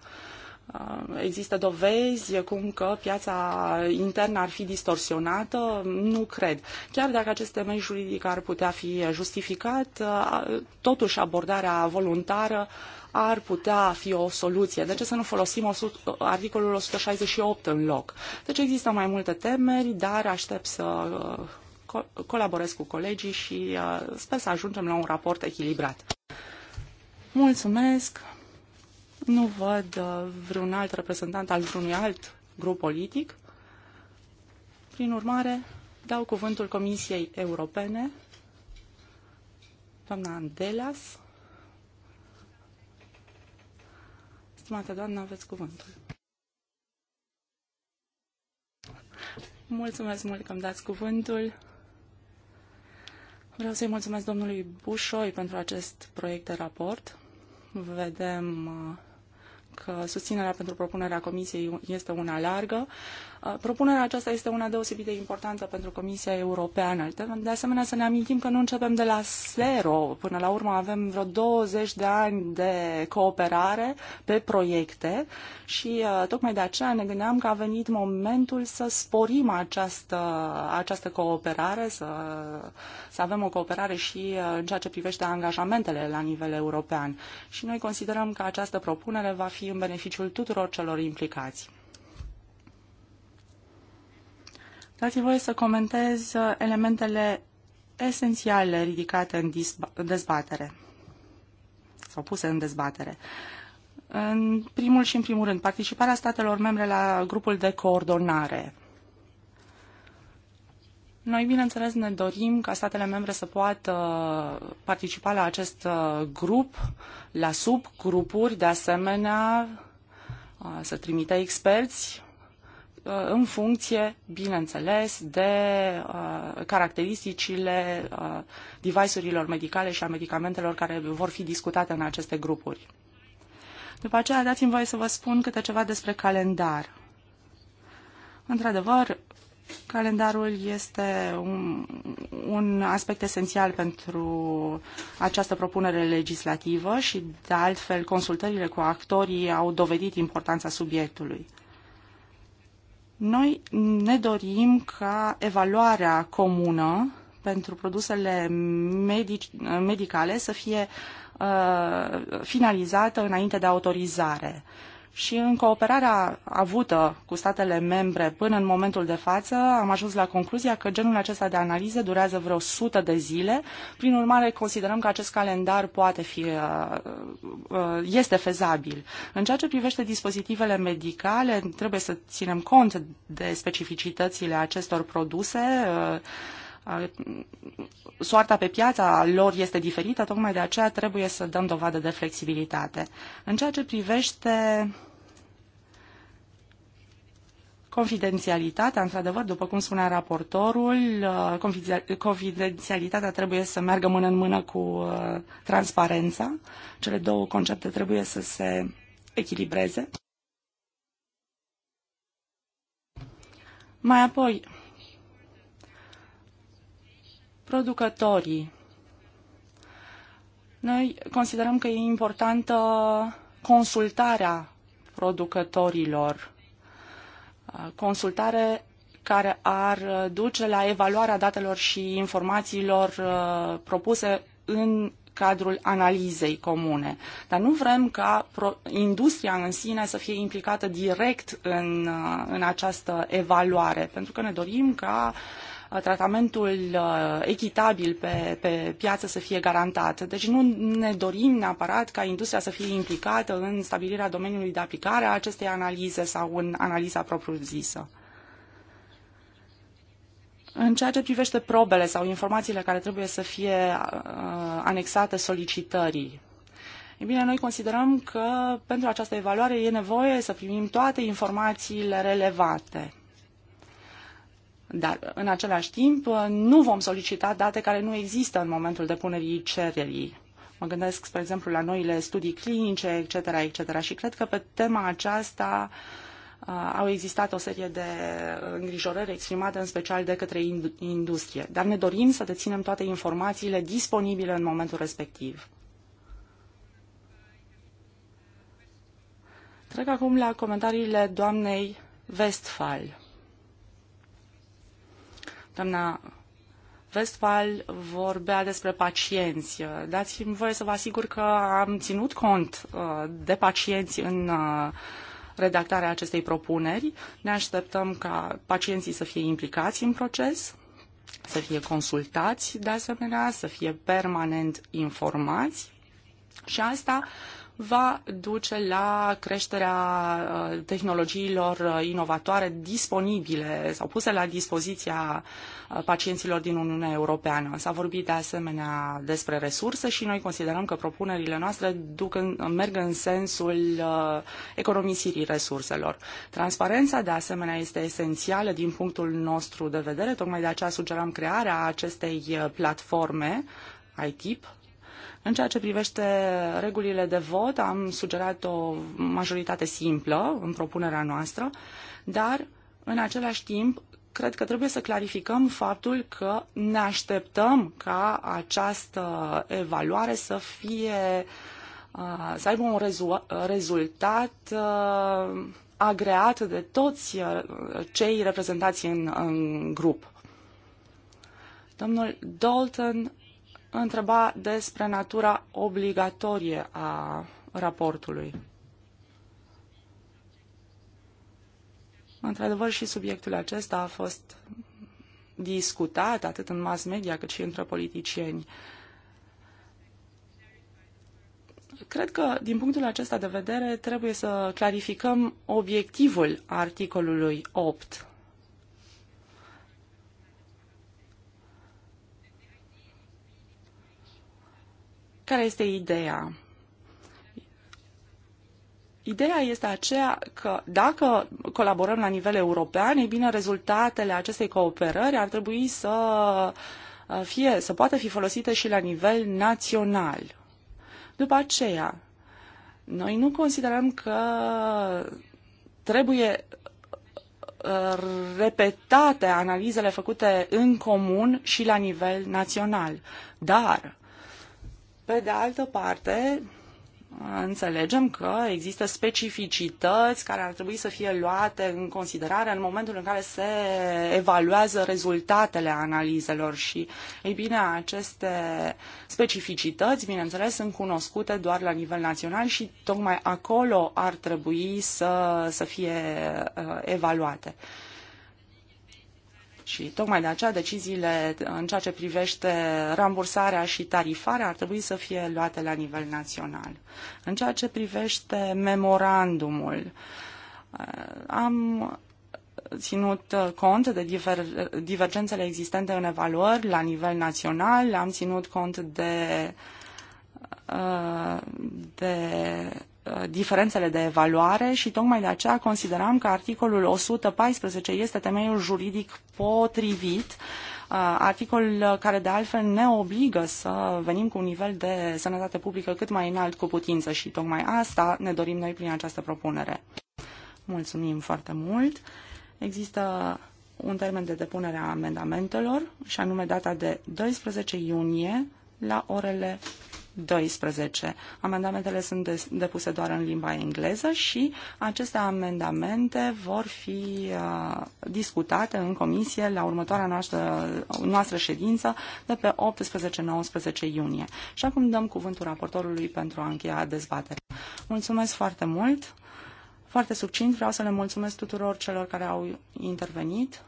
Uh, există dovezi cum că piața internă ar fi distorsionată? Nu cred. Chiar dacă acest temei juridic ar putea fi justificat, uh, totuși abordarea voluntară ar putea fi o soluție. De ce să nu folosim 100, articolul 168 în loc? Deci există mai multe temeri, dar aștept să uh, colaborez cu colegii și uh, sper să ajungem la un raport echilibrat. Mulțumesc! Nu văd uh, vreun alt reprezentant al vreunui alt grup politic. Prin urmare, dau cuvântul Comisiei Europene, doamna Andelas. Stimată doamnă, aveți cuvântul. Mulțumesc mult că îmi dați cuvântul. Vreau să-i mulțumesc domnului Bușoi pentru acest proiect de raport. Vedem uh, că susținerea pentru propunerea Comisiei este una largă. Uh, propunerea aceasta este una deosebit de importantă pentru Comisia Europeană. De asemenea, să ne amintim că nu începem de la zero. Până la urmă avem vreo 20 de ani de cooperare pe proiecte și uh, tocmai de aceea ne gândeam că a venit momentul să sporim această, această cooperare, să, să avem o cooperare și uh, în ceea ce privește angajamentele la nivel european. Și noi considerăm că această propunere va fi în beneficiul tuturor celor implicați. Dați-mi voie să comentez uh, elementele esențiale ridicate în dezbatere sau puse în dezbatere. În primul și în primul rând, participarea statelor membre la grupul de coordonare. Noi, bineînțeles, ne dorim ca statele membre să poată uh, participa la acest uh, grup, la subgrupuri, de asemenea, să trimite experți Uh, în funcție, bineînțeles, de uh, caracteristicile uh, device-urilor medicale și a medicamentelor care vor fi discutate în aceste grupuri. După aceea, dați-mi voie să vă spun câte ceva despre calendar. Într-adevăr, calendarul este un, un aspect esențial pentru această propunere legislativă și, de altfel, consultările cu actorii au dovedit importanța subiectului. Noi ne dorim ca evaluarea comună pentru produsele medicale să fie uh, finalizată înainte de autorizare. Uh, și în cooperarea avută cu statele membre până în momentul de față am ajuns la concluzia că genul acesta de analize durează vreo 100 de zile. Prin urmare, considerăm că acest calendar poate fi, uh, uh, este fezabil. În ceea ce privește dispozitivele medicale, trebuie să ținem cont de specificitățile acestor produse uh, soarta pe piața lor este diferită, tocmai de aceea trebuie să dăm dovadă de flexibilitate. În ceea ce privește confidențialitatea, într-adevăr, după cum spunea raportorul, uh, confidențialitatea trebuie să meargă mână în mână cu uh, transparența. Cele două concepte trebuie să se echilibreze. Mai apoi, producătorii. Noi considerăm că e importantă consultarea producătorilor, consultare care ar duce la evaluarea datelor și informațiilor uh, propuse în cadrul analizei comune. Dar nu vrem ca industria în sine să fie implicată direct în, uh, în această evaluare, pentru că ne dorim ca uh, tratamentul uh, echitabil pe, pe piață să fie garantat. Deci nu ne dorim neapărat ca industria să fie implicată în stabilirea domeniului de aplicare a acestei analize sau în analiza propriu-zisă. În ceea ce privește probele sau informațiile care trebuie să fie uh, anexate solicitării, ei bine, noi considerăm că pentru această evaluare e nevoie să primim toate informațiile relevante. Dar, în același timp, nu vom solicita date care nu există în momentul depunerii cererii. Mă gândesc, spre exemplu, la noile studii clinice, etc., etc. Și cred că pe tema aceasta uh, au existat o serie de îngrijorări exprimate în special de către industrie. Dar ne dorim să deținem toate informațiile disponibile în momentul respectiv. Trec acum la comentariile doamnei Westphal. Doamna Westphal vorbea despre pacienți. Dați-mi voie să vă asigur că am ținut cont uh, de pacienți în uh, redactarea acestei propuneri. Ne așteptăm ca pacienții să fie implicați în proces, să fie consultați de asemenea, să fie permanent informați și asta uh, va duce la creșterea uh, tehnologiilor uh, inovatoare disponibile sau puse la dispoziția uh, pacienților din Uniunea Europeană. S-a vorbit de asemenea despre resurse și noi considerăm că propunerile noastre duc în, merg în sensul economisirii resurselor. Transparența, de asemenea, este esențială din punctul nostru de vedere. Tocmai de aceea sugerăm crearea acestei platforme ITIP, în ceea ce privește regulile de vot, am sugerat o majoritate simplă în propunerea noastră, dar în același timp cred că trebuie să clarificăm faptul că ne așteptăm ca această evaluare să fie uh, să aibă un rezultat uh, agreat de toți uh, cei reprezentați în, în grup. Domnul Dalton întreba despre natura obligatorie a raportului. Într-adevăr, și subiectul acesta a fost discutat atât în mass media cât și între politicieni. Cred că, din punctul acesta de vedere, trebuie să clarificăm obiectivul articolului 8 Care este ideea? Ideea este aceea că dacă colaborăm la nivel european, e bine, rezultatele acestei cooperări ar trebui să uh, fie, să poată fi folosite și la nivel național. După aceea, noi nu considerăm că trebuie uh, repetate analizele făcute în comun și la nivel național. Dar pe de altă parte, Înțelegem că există specificități care ar trebui să fie luate în considerare în momentul în care se evaluează rezultatele analizelor și, ei bine, aceste specificități, bineînțeles, sunt cunoscute doar la nivel național și tocmai acolo ar trebui să, să fie uh, evaluate. Și tocmai de aceea deciziile în ceea ce privește rambursarea și tarifarea ar trebui să fie luate la nivel național. În ceea ce privește memorandumul, eh, am ținut cont de diver, divergențele existente în evaluări la nivel național, am ținut cont de, eh, de Uh, diferențele de evaluare și tocmai de aceea consideram că articolul 114 este temeiul juridic potrivit, uh, articol uh, care de altfel ne obligă să venim cu un nivel de sănătate publică cât mai înalt cu putință și tocmai asta ne dorim noi prin această propunere. Mulțumim foarte mult. Există un termen de depunere a amendamentelor și anume data de 12 iunie la orele 12. Amendamentele sunt depuse doar în limba engleză și aceste amendamente vor fi uh, discutate în comisie la următoarea noastră, noastră ședință de pe 18-19 iunie. Și acum dăm cuvântul raportorului pentru a încheia dezbaterea. Mulțumesc foarte mult! Foarte succint, vreau să le mulțumesc tuturor celor care au intervenit.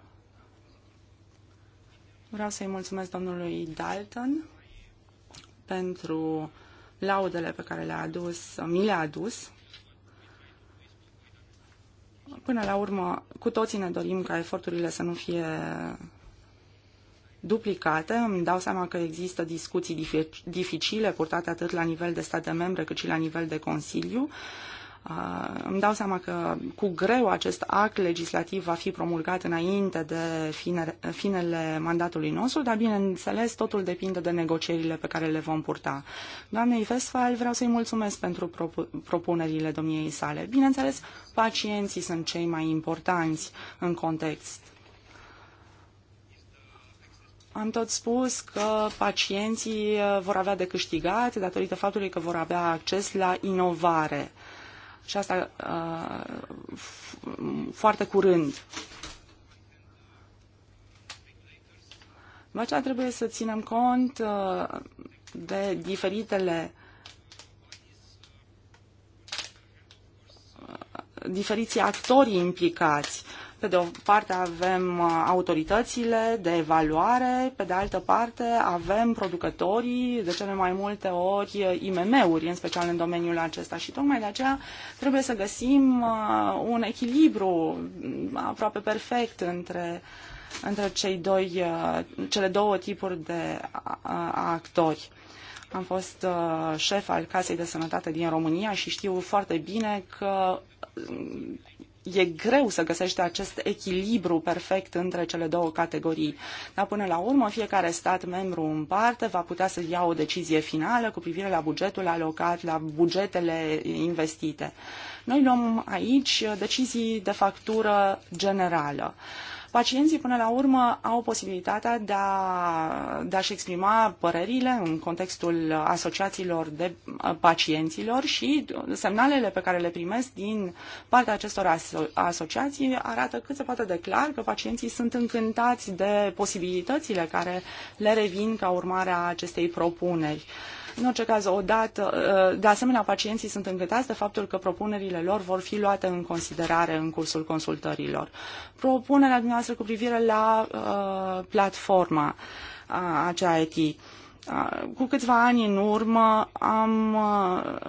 Vreau să-i mulțumesc domnului Dalton pentru laudele pe care le-a adus, mi le-a adus. Până la urmă, cu toții ne dorim ca eforturile să nu fie duplicate. Îmi dau seama că există discuții dificile purtate atât la nivel de state membre cât și la nivel de Consiliu. Uh, Ah, îmi dau seama că cu greu acest act legislativ va fi promulgat înainte de finele, mandatului nostru, dar bineînțeles totul depinde de negocierile pe care le vom purta. Doamnei Westphal vreau să-i mulțumesc pentru propunerile domniei sale. Bineînțeles, pacienții sunt cei mai importanți în context am tot spus că pacienții eh, vor avea de câștigat datorită faptului că vor avea acces la inovare și asta uh, foarte curând. După aceea trebuie să ținem cont uh, de diferitele uh, diferiții actorii implicați. Uh, pe de o parte avem uh, autoritățile de evaluare, pe de altă parte avem producătorii, de cele mai multe ori uh, IMM-uri, în special în domeniul acesta. Și tocmai de aceea trebuie să găsim uh, un echilibru mm, aproape perfect între între cei doi, cele două tipuri de actori. Am fost șef al Casei de Sănătate din România și știu foarte bine că e greu să găsești acest echilibru perfect între cele două categorii. Dar până la urmă, fiecare stat membru în parte va putea să ia o decizie finală cu privire la bugetul alocat, la bugetele investite. Noi luăm aici decizii de factură generală. Uh, Pacienții, până la urmă, au posibilitatea de, a, de a-și exprima părerile în contextul asociațiilor de pacienților și semnalele pe care le primesc din partea acestor aso- asociații arată cât se poate de clar că pacienții sunt încântați de posibilitățile care le revin ca urmare a acestei propuneri. Uh, în orice caz, odată, uh, de asemenea, pacienții sunt încântați de faptul că propunerile lor vor fi luate în considerare în cursul consultărilor. Propunerea dumneavoastră cu privire la uh, platforma uh, acea IT. Uh, cu câțiva ani în urmă am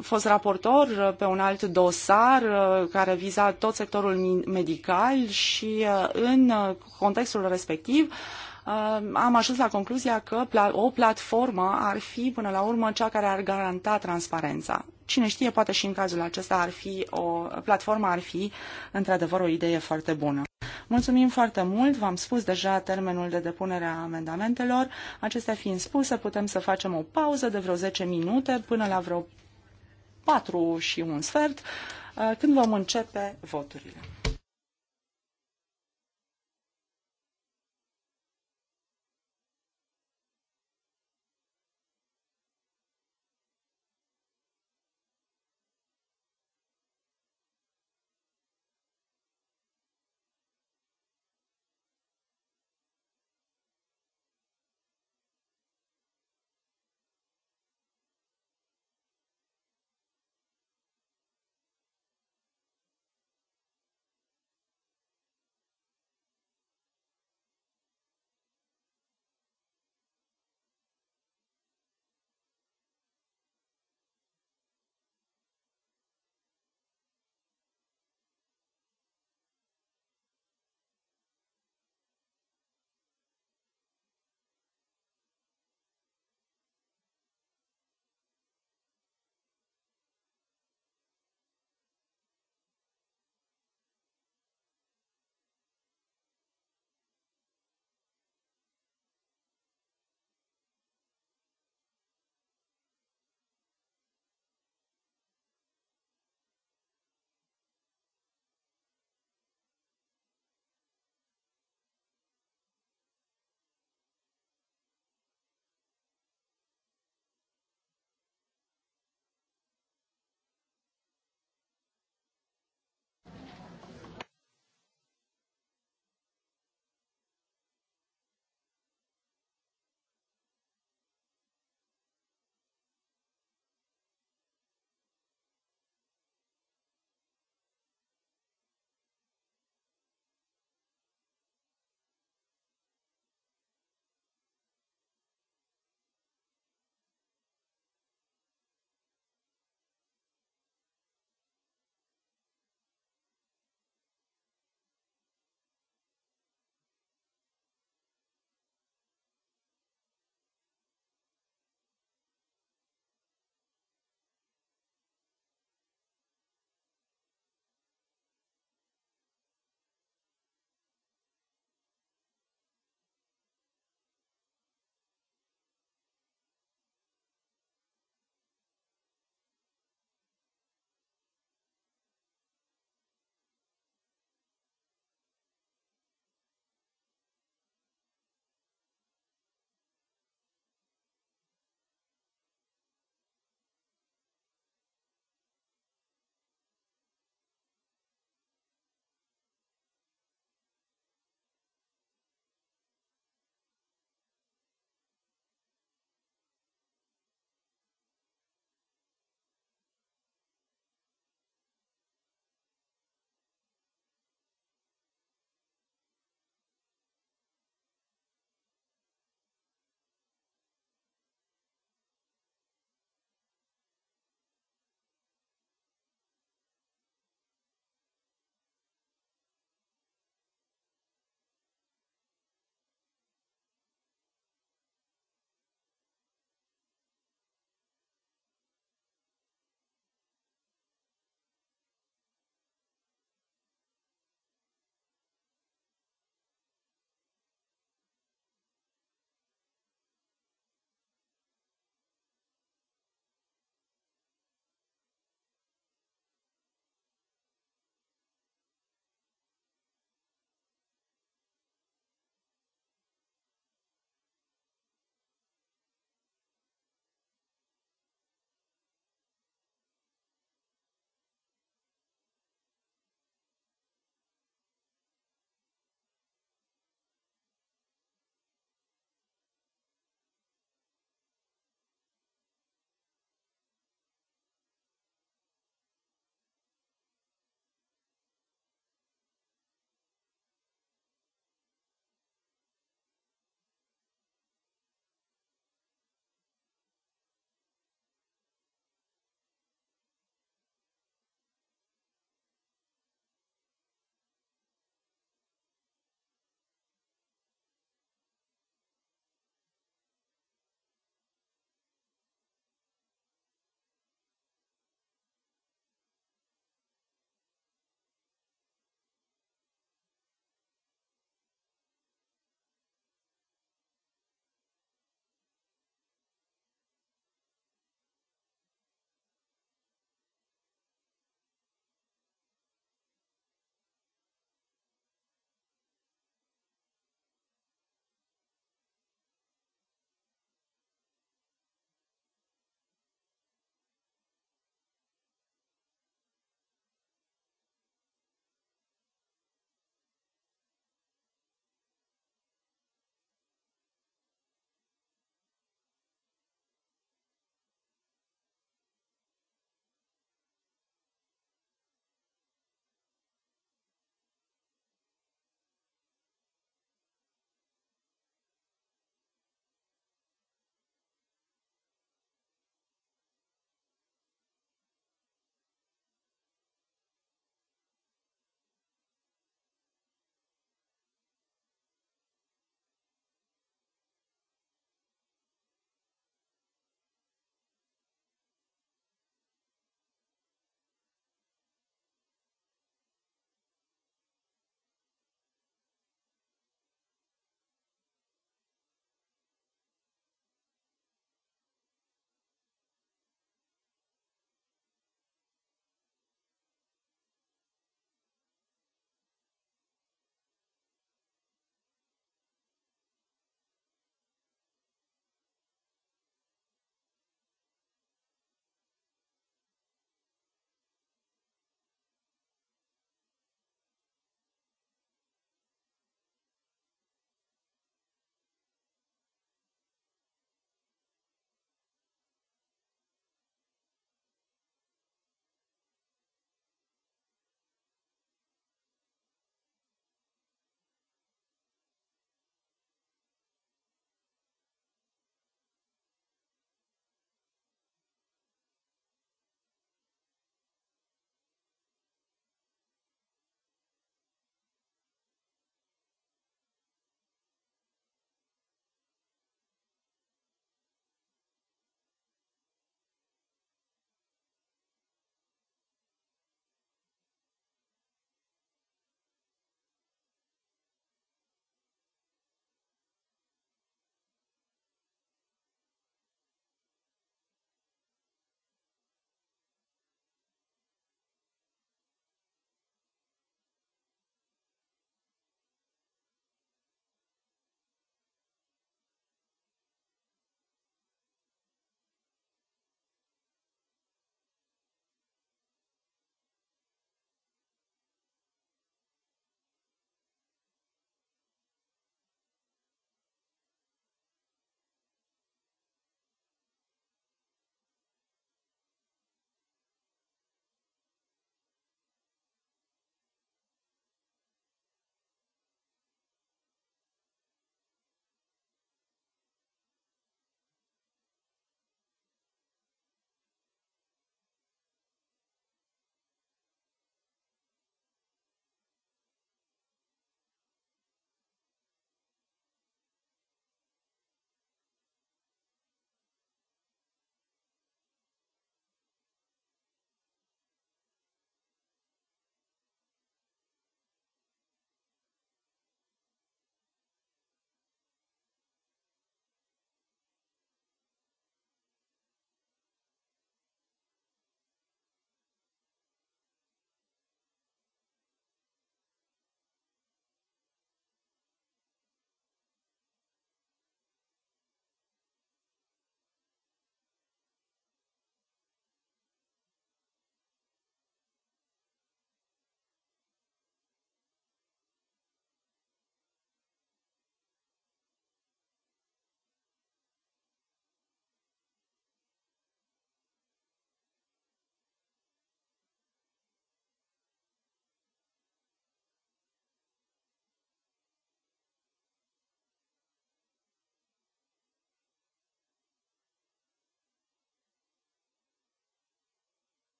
fost raportor pe un alt dosar care viza tot sectorul medical și în contextul respectiv Uh, am ajuns la concluzia că o platformă ar fi, până la urmă, cea care ar garanta transparența. Cine știe, poate și în cazul acesta ar fi o platformă, ar fi, într-adevăr, o idee foarte bună. Mulțumim foarte mult, v-am spus deja termenul de depunere a amendamentelor. Acestea fiind spuse, putem să facem o pauză de vreo 10 minute până la vreo 4 și un sfert, uh, când vom începe voturile.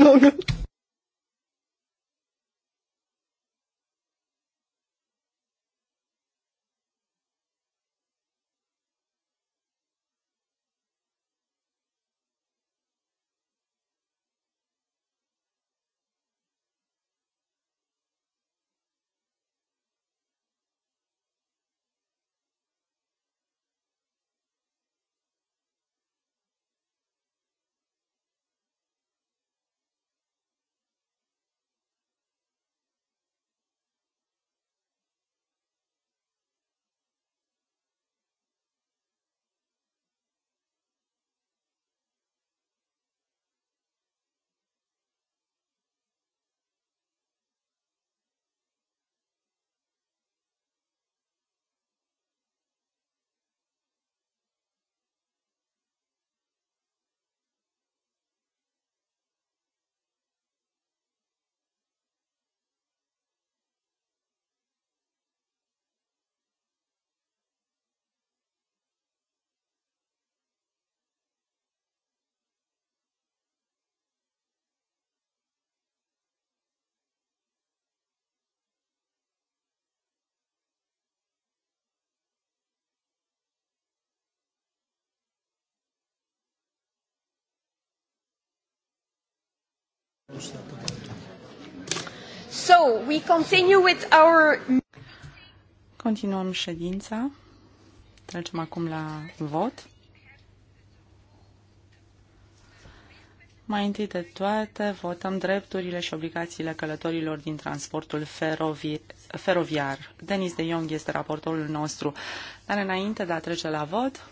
Logo. So, we continue with our... Continuăm ședința. Trecem acum la vot. Mai întâi de toate, votăm drepturile și obligațiile călătorilor din transportul ferovi feroviar. Denis de Jong este raportorul nostru. Dar înainte de a trece la vot,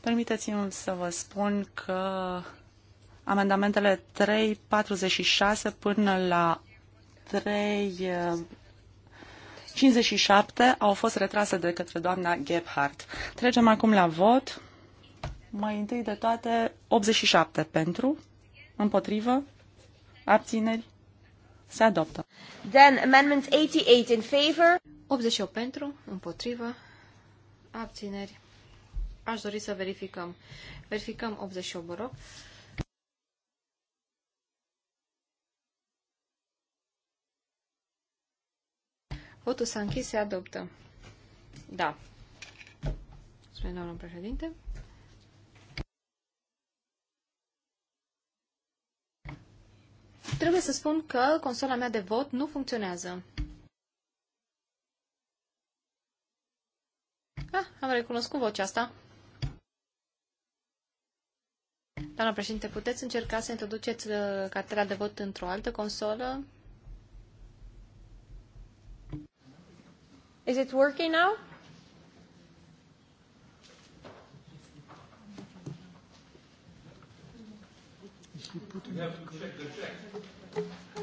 permiteți-mi să vă spun că Amendamentele 3, 46 până la 3, 57 eh, au fost retrase de către doamna Gebhardt. Trecem acum la vot. Mai întâi de toate, 87 pentru, împotrivă, abțineri, se adoptă. Then amendment 88 in favor. 88 pentru, împotrivă, abțineri. Aș dori să verificăm. Verificăm 88, vă rog. Votul s-a închis, se adoptă. Da. Spune domnul președinte. Trebuie să spun că consola mea de vot nu funcționează. Ah, am recunoscut vocea asta. Doamna președinte, puteți încerca să introduceți uh, cartela de vot într-o altă consolă? Is it working now?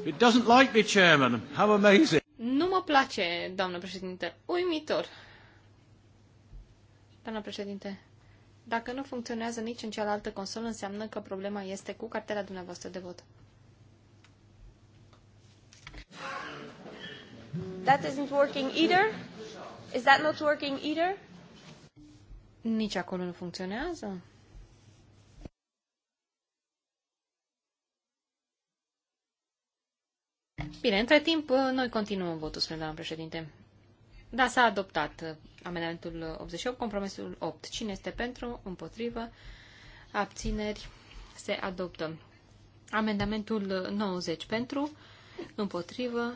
It doesn't like me, Chairman. How amazing. Nu mă place, doamnă președinte. Uimitor. Doamnă președinte, dacă nu funcționează nici în cealaltă consolă, înseamnă că problema este cu cartela dumneavoastră de vot. That isn't working either. Is that not working either? Nici acolo nu funcționează. Bine, între timp, uh, noi continuăm votul, spune doamna președinte. Da, s-a adoptat uh, amendamentul 88, compromisul 8. Cine este pentru, împotrivă, abțineri, se adoptă. Amendamentul 90 pentru, împotrivă,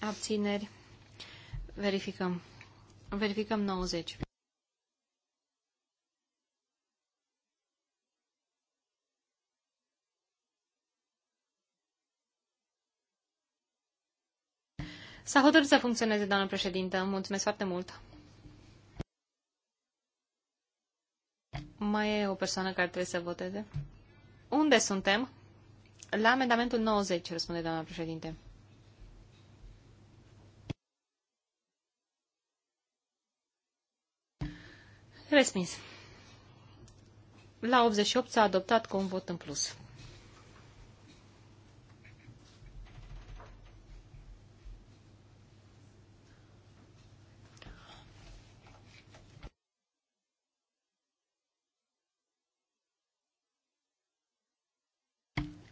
abțineri, Verificăm. Verificăm 90. S-a hotărât să funcționeze, doamnă președintă. Mulțumesc foarte mult. Mai e o persoană care trebuie să voteze? Unde suntem? La amendamentul 90, răspunde doamna președinte. Respins. La 88 s-a adoptat cu un vot în plus.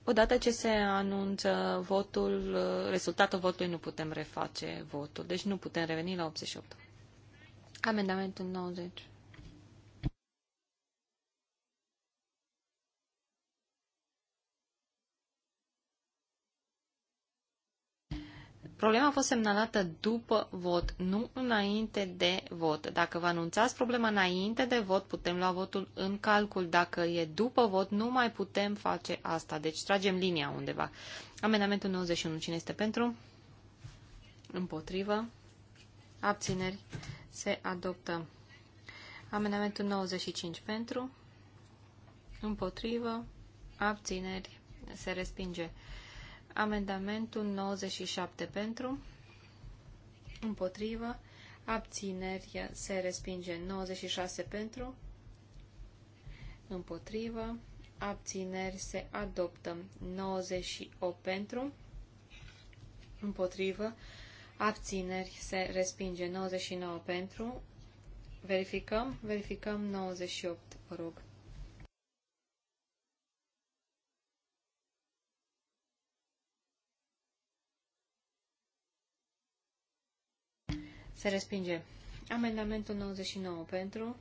Odată ce se anunță votul, rezultatul votului nu putem reface votul, deci nu putem reveni la 88. Amendamentul 90. Problema a fost semnalată după vot, nu înainte de vot. Dacă vă anunțați problema înainte de vot, putem lua votul în calcul. Dacă e după vot, nu mai putem face asta. Deci tragem linia undeva. Amendamentul 91. Cine este pentru? Împotrivă. Abțineri. Se adoptă. Amendamentul 95 pentru. Împotrivă. Abțineri. Se respinge. Amendamentul 97 pentru, împotrivă, abțineri se respinge 96 pentru, împotrivă, abțineri se adoptă 98 pentru, împotrivă, abțineri se respinge 99 pentru, verificăm, verificăm 98, vă rog. Se respinge. Amendamentul 99 pentru,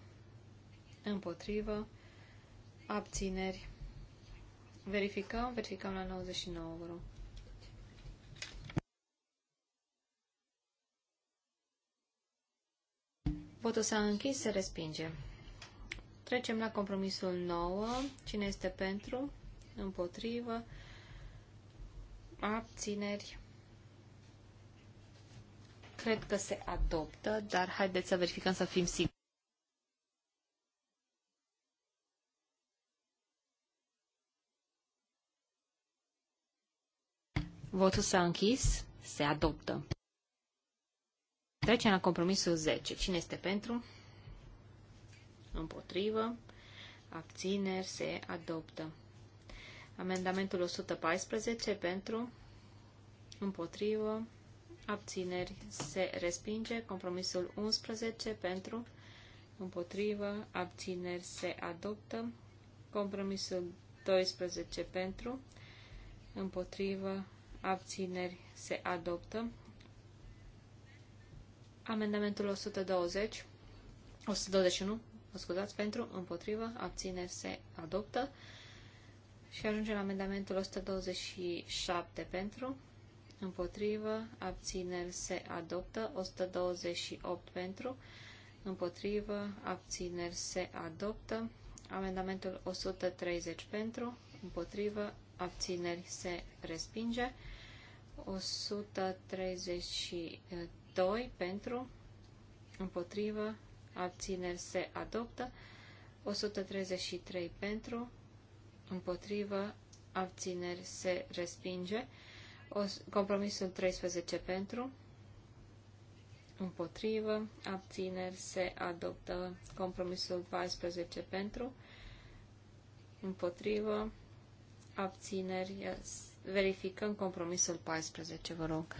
împotrivă, abțineri. Verificăm, verificăm la 99, vă rog. Votul s-a închis, se respinge. Trecem la compromisul 9. Cine este pentru? Împotrivă? Abțineri? Cred că se adoptă, dar haideți să verificăm să fim siguri. Votul s-a închis. Se adoptă. Trecem la compromisul 10. Cine este pentru? Împotrivă. Abțineri. Se adoptă. Amendamentul 114 pentru. Împotrivă abțineri se respinge. Compromisul 11 pentru, împotrivă, abțineri se adoptă. Compromisul 12 pentru, împotrivă, abțineri se adoptă. Amendamentul 120, 121, mă scuzați, pentru, împotrivă, abțineri se adoptă. Și ajungem la amendamentul 127 pentru, împotrivă, abțineri se adoptă, 128 pentru, împotrivă, abțineri se adoptă, amendamentul 130 pentru, împotrivă, abțineri se respinge, 132 pentru, împotrivă, abțineri se adoptă, 133 pentru, împotrivă, abțineri se respinge, o, compromisul 13 pentru, împotrivă, abțineri se adoptă. Compromisul 14 pentru, împotrivă, abțineri. Verificăm compromisul 14, vă rog.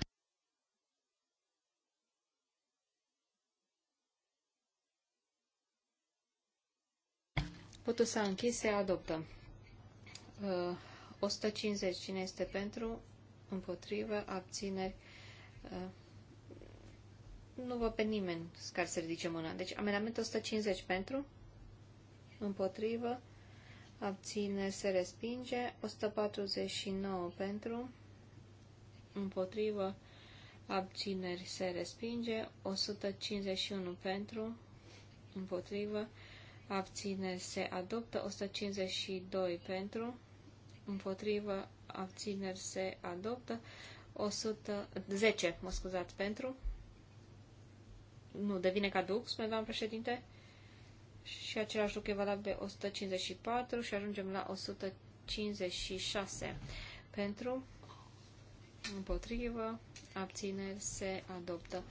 Votul s-a închis, se adoptă. 150, uh, cine este pentru? împotrivă, abțineri. Uh, nu vă pe nimeni care să ridice mâna. Deci amendamentul 150 pentru, împotrivă, abțineri se respinge, 149 pentru, împotrivă, abțineri se respinge, 151 pentru, împotrivă, abțineri se adoptă, 152 pentru, împotrivă, abțineri se adoptă. 110, mă scuzați, pentru. Nu, devine caduc, spune doamna președinte. Și același lucru e valabil de 154 și ajungem la 156. Pentru, împotrivă, abțineri se adoptă.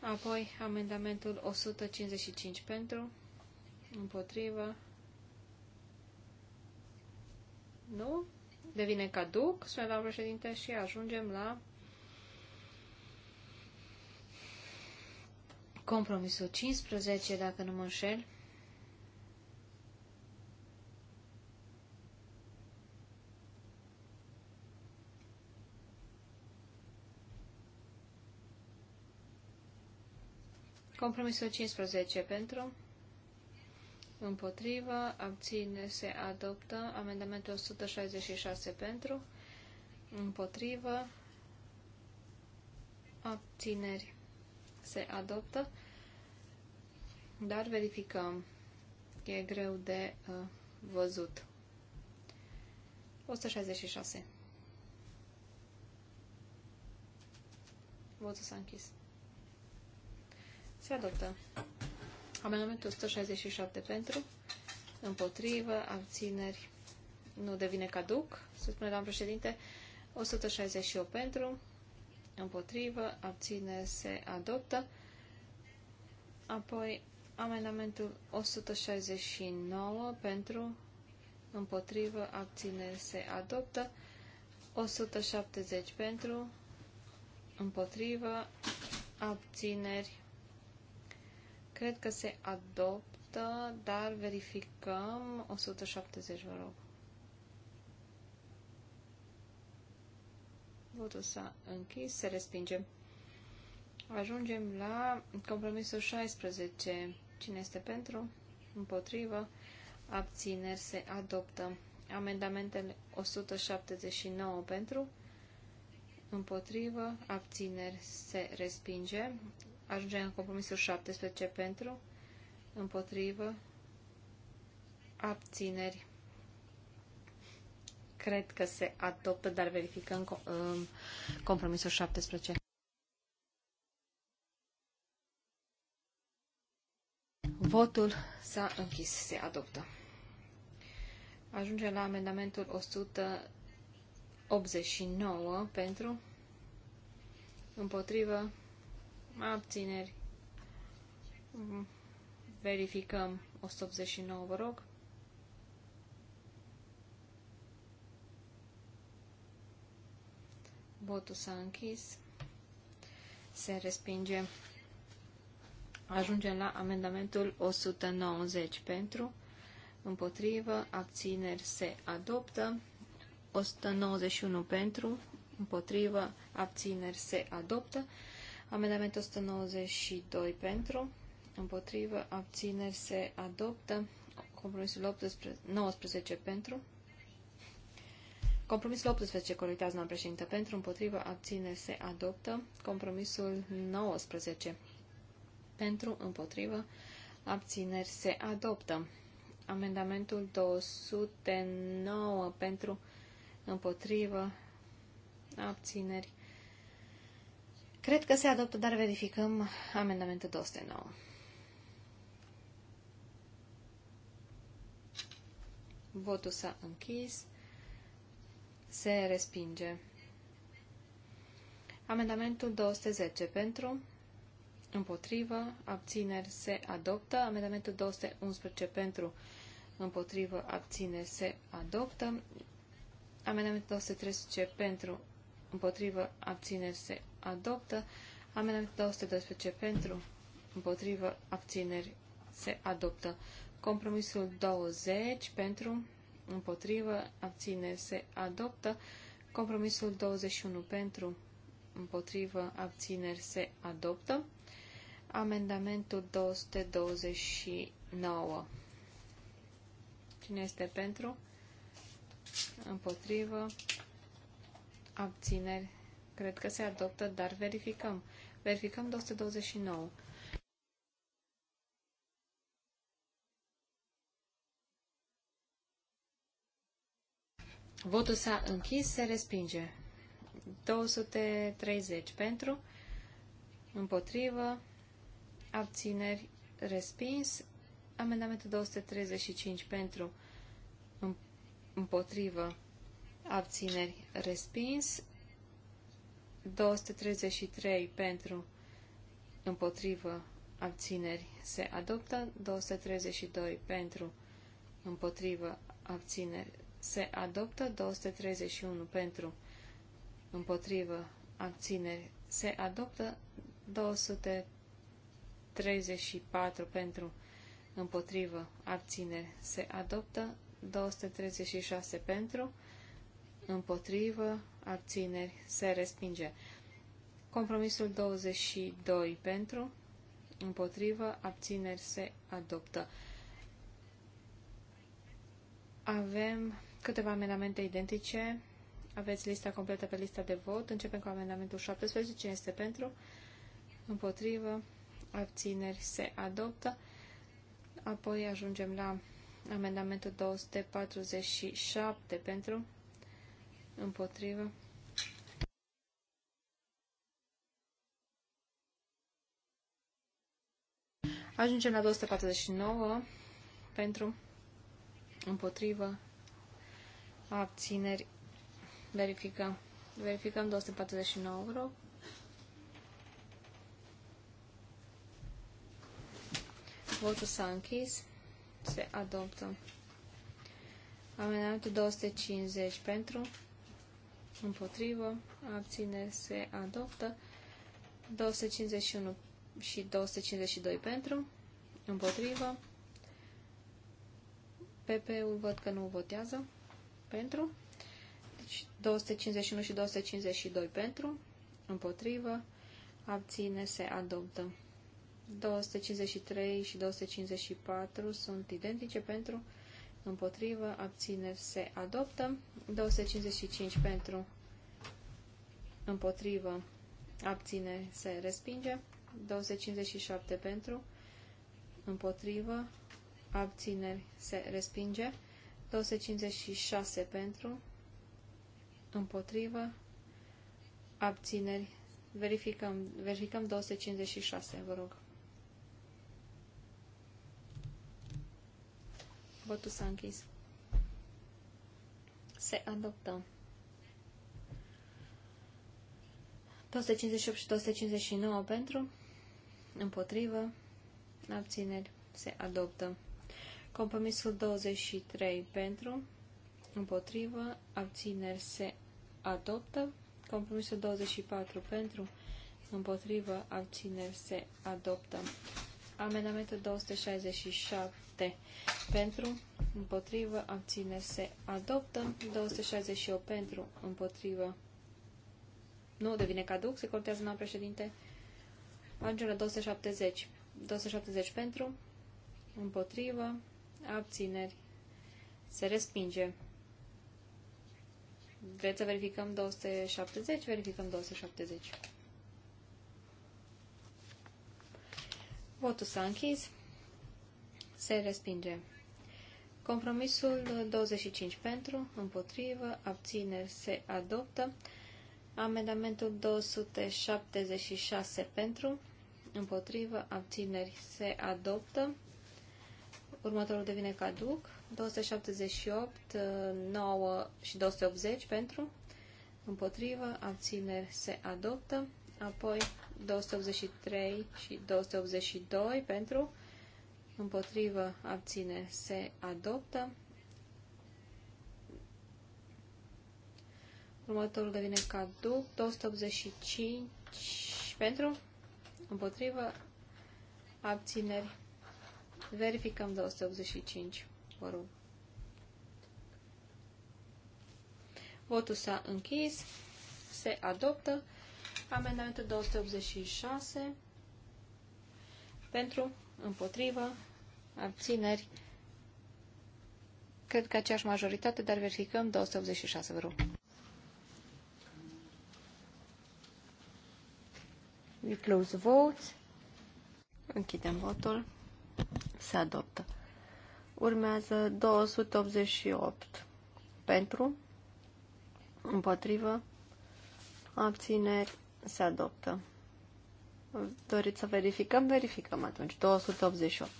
Apoi, amendamentul 155 pentru, împotrivă, nu, devine caduc, spune la președinte, și ajungem la compromisul 15, dacă nu mă înșel. Compromisul 15 pentru împotriva, abține, se adoptă. Amendamentul 166 pentru, Împotrivă, abțineri, se adoptă. Dar verificăm. E greu de uh, văzut. 166. Votul s-a închis. Se adoptă. Amendamentul 167 pentru, împotrivă, abțineri, nu devine caduc, se spune doamnă președinte, 168 pentru, împotrivă, abține, se adoptă. Apoi amendamentul 169 pentru, împotrivă, abține, se adoptă. 170 pentru, împotrivă, abțineri, Cred că se adoptă, dar verificăm 170, vă rog. Votul s-a închis, se respinge. Ajungem la compromisul 16. Cine este pentru? Împotrivă? Abțineri se adoptă. Amendamentele 179 pentru? Împotrivă? Abțineri se respinge ajunge în compromisul 17 pentru, împotrivă, abțineri. Cred că se adoptă, dar verificăm um, compromisul 17. Votul s-a închis, se adoptă. Ajungem la amendamentul 189 pentru, împotrivă, abțineri. Verificăm 189, vă rog. Botul s-a închis. Se respinge. Ajungem la amendamentul 190 pentru, împotrivă, abțineri se adoptă, 191 pentru, împotrivă, abțineri se adoptă, Amendamentul 192 pentru, împotrivă, abțineri se adoptă. Compromisul 18, 19 pentru. Compromisul 18, corectează doamna președinte, pentru, împotrivă, abțineri se adoptă. Compromisul 19 pentru, împotrivă, abțineri se adoptă. Amendamentul 209 pentru, împotrivă, abțineri se Cred că se adoptă, dar verificăm amendamentul 209. Votul s-a închis. Se respinge. Amendamentul 210 pentru, împotrivă, abțineri se adoptă. Amendamentul 211 pentru, împotrivă, abțineri se adoptă. Amendamentul 213 pentru, împotrivă, abțineri se adoptă. Amendamentul 212 pentru, împotrivă, abțineri, se adoptă. Compromisul 20 pentru, împotrivă, abțineri, se adoptă. Compromisul 21 pentru, împotrivă, abțineri, se adoptă. Amendamentul 229. Cine este pentru? Împotrivă. Abțineri Cred că se adoptă, dar verificăm. Verificăm 229. Votul s-a închis, se respinge. 230 pentru, împotrivă, abțineri, respins. Amendamentul 235 pentru, împotrivă, abțineri, respins. 233 pentru împotrivă abțineri se adoptă, 232 pentru împotrivă abțineri se adoptă, 231 pentru împotrivă abțineri se adoptă, 234 pentru împotrivă abțineri se adoptă, 236 pentru împotrivă, împotrivă, abțineri, se respinge. Compromisul 22 pentru, împotrivă, abțineri, se adoptă. Avem câteva amendamente identice. Aveți lista completă pe lista de vot. Începem cu amendamentul 17. este pentru? Împotrivă. Abțineri se adoptă. Apoi ajungem la amendamentul 247 pentru împotrivă. Ajungem la 249 pentru împotrivă abțineri. Verificăm. Verificăm 249, rog. Votul s-a închis. Se adoptă. Amendamentul 250 pentru împotrivă, abține, se adoptă. 251 și 252 pentru, împotrivă. PP-ul văd că nu votează pentru. Deci 251 și 252 pentru, împotrivă, abține, se adoptă. 253 și 254 sunt identice pentru, împotrivă, abțineri se adoptă, 255 pentru, împotrivă, abțineri se respinge, 257 pentru, împotrivă, abțineri se respinge, 256 pentru, împotrivă, abțineri, verificăm, verificăm 256, vă rog. Votul s-a închis. Se adoptă. 258 și 259 pentru, împotrivă, abțineri, se adoptă. Compromisul 23 pentru, împotrivă, abțineri, se adoptă. Compromisul 24 pentru, împotrivă, abțineri, se adoptă. Amendamentul 267 pentru, împotrivă, abțineri se adoptă. 268 pentru, împotrivă, nu devine caduc, se cortează în președinte. Ajunge la 270. 270 pentru, împotrivă, abțineri, se respinge. Vreți să verificăm 270? Verificăm 270. Votul s-a închis. Se respinge. Compromisul 25 pentru, împotrivă, abțineri se adoptă. Amendamentul 276 pentru, împotrivă, abțineri se adoptă. Următorul devine caduc. 278, 9 și 280 pentru, împotrivă, abțineri se adoptă. Apoi 283 și 282 pentru, împotrivă, abține, se adoptă. Următorul devine caduc, 285 pentru, împotrivă, abțineri. Verificăm 285, vă rog. Votul s-a închis, se adoptă Amendamentul 286 pentru, împotrivă, abțineri. Cred că aceeași majoritate, dar verificăm 286, vă rog. We close vote. Închidem votul. Se adoptă. Urmează 288. Pentru, împotrivă, abțineri se adoptă. Doriți să verificăm? Verificăm atunci. 288.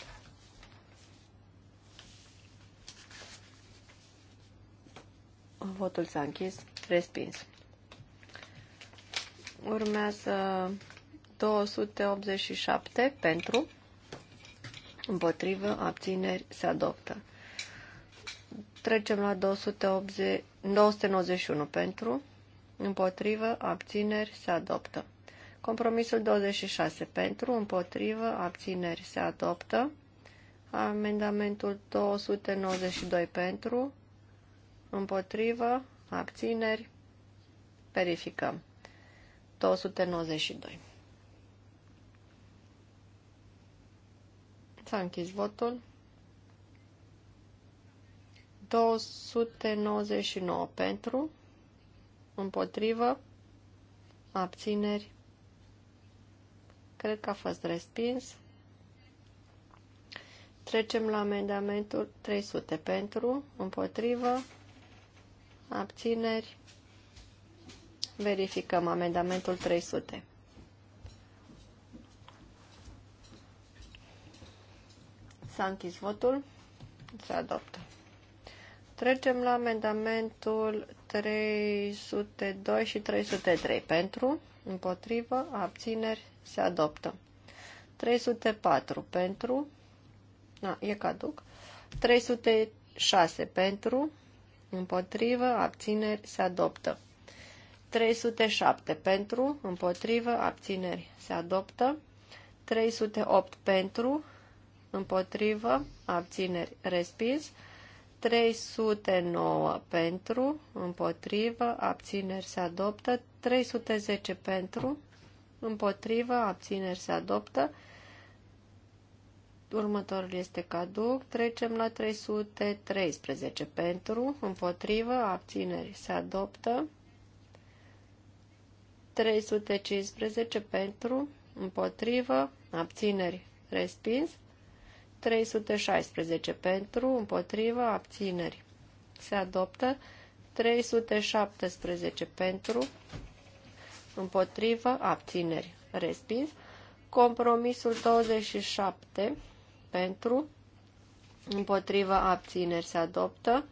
Votul s-a închis. Respins. Urmează 287 pentru, împotrivă, abțineri, se adoptă. Trecem la 280, 291 pentru, împotrivă, abțineri, se adoptă. Compromisul 26 pentru, împotrivă, abțineri, se adoptă. Amendamentul 292 pentru, împotrivă, abțineri, verificăm. 292. S-a închis votul. 299 pentru, împotrivă, abțineri, cred că a fost respins. Trecem la amendamentul 300 pentru, împotrivă, abțineri, verificăm amendamentul 300. S-a închis votul. Se adoptă. Trecem la amendamentul 302 și 303. Pentru, împotrivă, abțineri, se adoptă. 304 pentru, na, e caduc. 306 pentru, împotrivă, abțineri, se adoptă. 307 pentru, împotrivă, abțineri, se adoptă. 308 pentru, împotrivă, abțineri, respins. 309 pentru, împotrivă, abțineri se adoptă, 310 pentru, împotrivă, abțineri se adoptă, următorul este caduc, trecem la 313 pentru, împotrivă, abțineri se adoptă, 315 pentru, împotrivă, abțineri respins, 316 pentru, împotrivă, abțineri. Se adoptă 317 pentru, împotrivă, abțineri. Respins. Compromisul 27 pentru, împotrivă, abțineri. Se adoptă.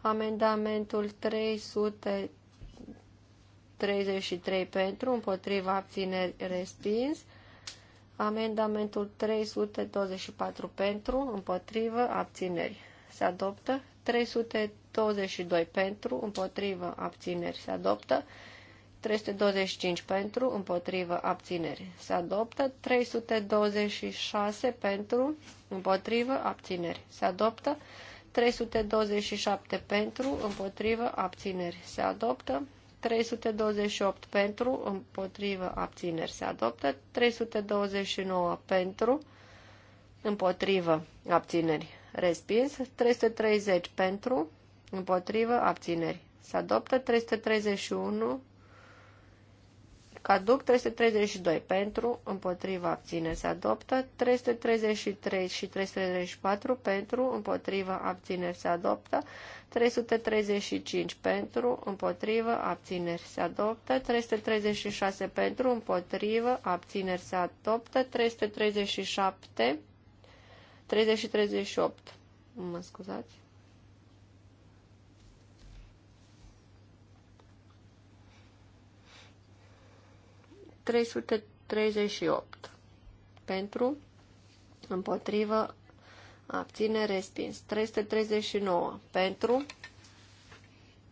Amendamentul 333 pentru, împotriva abțineri respins. Amendamentul 324 pentru, împotrivă, abțineri. Se adoptă. 322 pentru, împotrivă, abțineri. Se adoptă. 325 pentru, împotrivă, abțineri. Se adoptă 326 pentru, împotrivă, abțineri. Se adoptă 327 pentru, împotrivă, abțineri. Se adoptă 328 pentru, împotrivă, abțineri se adoptă. 329 pentru, împotrivă, abțineri respins. 330 pentru, împotrivă, abțineri se adoptă. 331 Caduc 332 pentru, împotriva abține se adoptă, 333 și 334 pentru, împotriva abțineri se adoptă, 335 pentru, împotriva abțineri se adoptă, 336 pentru, împotriva abțineri se adoptă, 337 338. mă scuzați, 338. Pentru, împotrivă, abține, respins. 339. Pentru,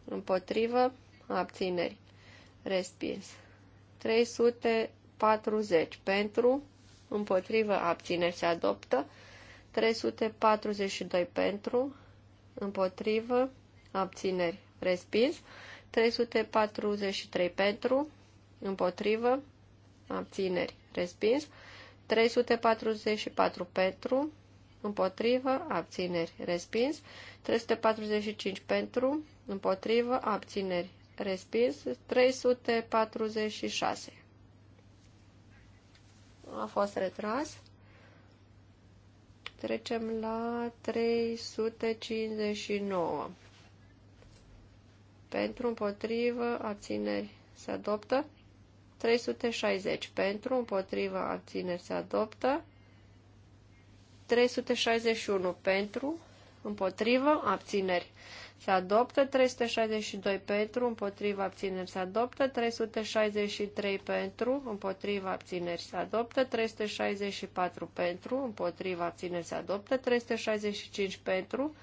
împotrivă, abțineri, respins. 340. Pentru, împotrivă, abțineri, se adoptă. 342 pentru, împotrivă, abțineri, respins. 343 pentru, împotrivă, abțineri, respins. 344 pentru, împotrivă, abțineri, respins. 345 pentru, împotrivă, abțineri, respins. 346 a fost retras. Trecem la 359. Pentru, împotrivă, abțineri se adoptă. 360 pentru, împotriva abține, se adoptă. 361 pentru, împotrivă, abțineri. Se adoptă 362 pentru, împotriva abțineri se adoptă, 363 pentru, împotriva abțineri se adoptă, 364 pentru, împotriva abțineri se adoptă, 365 pentru,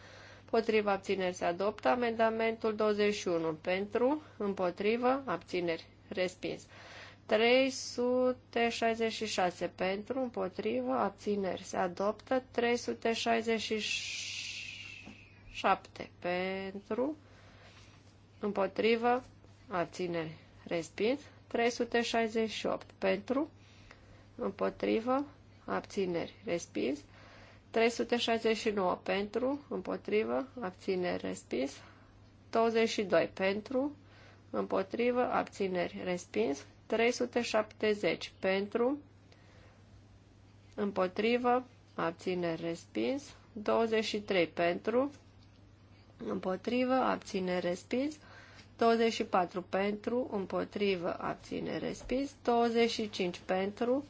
împotriva abțineri se adoptă, amendamentul 21 pentru, împotriva abțineri respins. 366 pentru, împotrivă, abțineri. Se adoptă 367 pentru, împotrivă, abțineri. Respins. 368 pentru, împotrivă, abțineri. Respins. 369 pentru, împotrivă, abțineri. Respins. 22 pentru, împotrivă, abțineri. Respins. 370 pentru, împotrivă, abțineri respins, 23 pentru, împotrivă, abțineri respins, 24 pentru, împotrivă, abțineri respins, 25 pentru,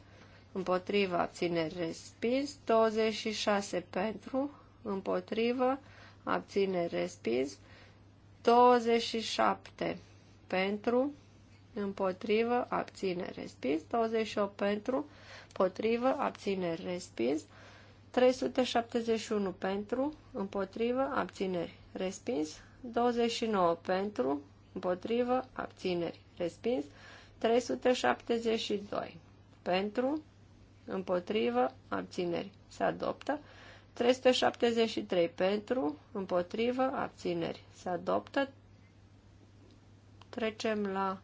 împotrivă, abțineri respins, 26 pentru, împotrivă, abțineri respins, 27 pentru, împotrivă, abțineri, respins. 28 pentru, împotrivă, abțineri, respins. 371 pentru, împotrivă, abțineri, respins. 29 pentru, împotrivă, abțineri, respins. 372 pentru, împotrivă, abțineri, se adoptă. 373 pentru, împotrivă, abțineri, se adoptă. Trecem la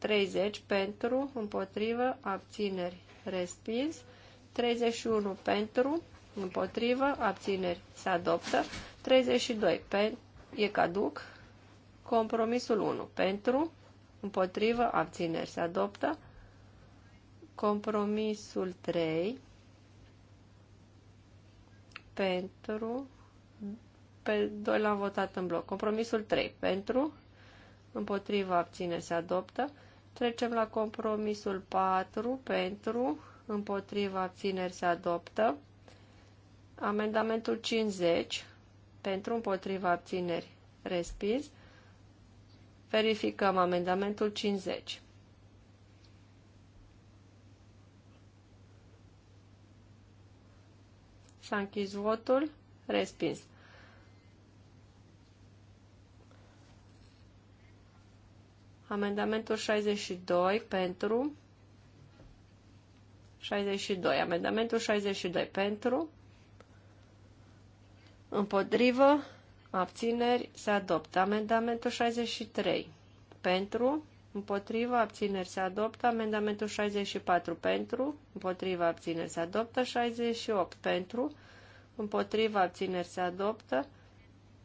30 pentru, împotrivă, abțineri, respins. 31 pentru, împotrivă, abțineri, se adoptă. 32 pentru, e caduc. Compromisul 1 pentru, împotrivă, abțineri, se adoptă. Compromisul 3 pentru, pe 2 l-am votat în bloc. Compromisul 3 pentru, împotrivă, abțineri, se adoptă. Trecem la compromisul 4 pentru, împotriva abțineri se adoptă. Amendamentul 50 pentru, împotriva abțineri respins. Verificăm amendamentul 50. S-a închis votul. Respins. Amendamentul 62 pentru 62. Amendamentul 62 pentru împotrivă abțineri se adoptă. Amendamentul 63 pentru Împotrivă, abțineri se adoptă. Amendamentul 64 pentru. Împotrivă, abțineri se adoptă. 68 pentru. Împotrivă, abțineri se adoptă.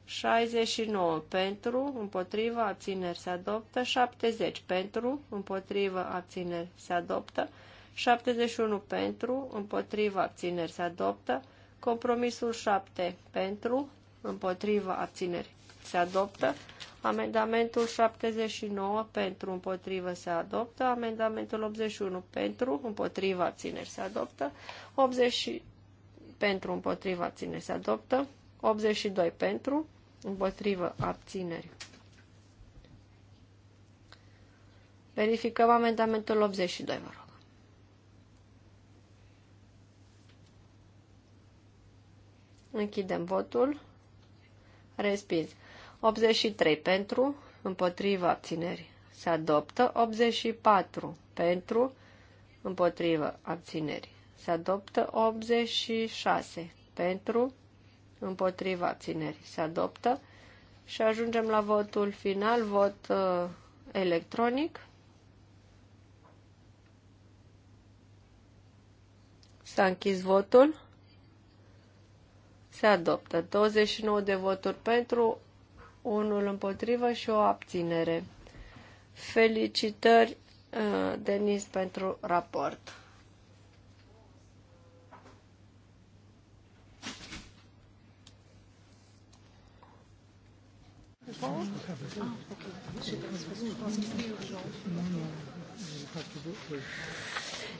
69 pentru, împotrivă, abțineri se adoptă, 70 pentru, împotrivă, abțineri se adoptă, 71 pentru, împotrivă, abțineri se adoptă, compromisul 7 pentru, împotrivă, abțineri se adoptă, amendamentul 79 pentru, împotrivă se adoptă, amendamentul 81 pentru, împotrivă, abțineri se adoptă, 80 pentru, împotrivă, abțineri se adoptă, 82 pentru, împotrivă, abțineri. Verificăm amendamentul 82, vă rog. Închidem votul. Respins. 83 pentru, împotrivă, abțineri. Se adoptă 84 pentru, împotrivă, abțineri. Se adoptă 86 pentru, împotriva ținerii. se adoptă și ajungem la votul final, vot uh, electronic. S-a închis votul. Se adoptă 29 de voturi pentru, unul împotrivă și o abținere. Felicitări, uh, Denis, pentru raport.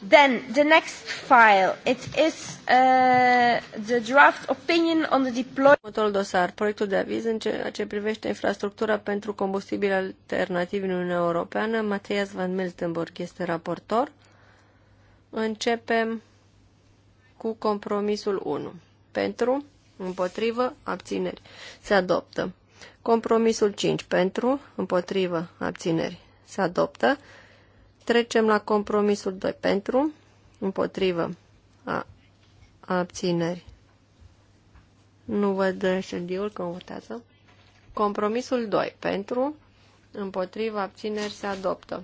Then the next file, it is uh, the draft opinion on the deployment. Următorul dosar, proiectul de aviz în ceea ce privește infrastructura pentru combustibili alternativi în Uniunea Europeană. Mateas Van Miltenborg este raportor. Începem cu compromisul 1. Pentru, împotrivă, abțineri. Se adoptă. Compromisul 5 pentru, împotrivă, abțineri se adoptă. Trecem la compromisul 2 pentru, împotrivă, a, abțineri. Nu văd șediul că votează. Compromisul 2 pentru, împotrivă, abțineri se adoptă.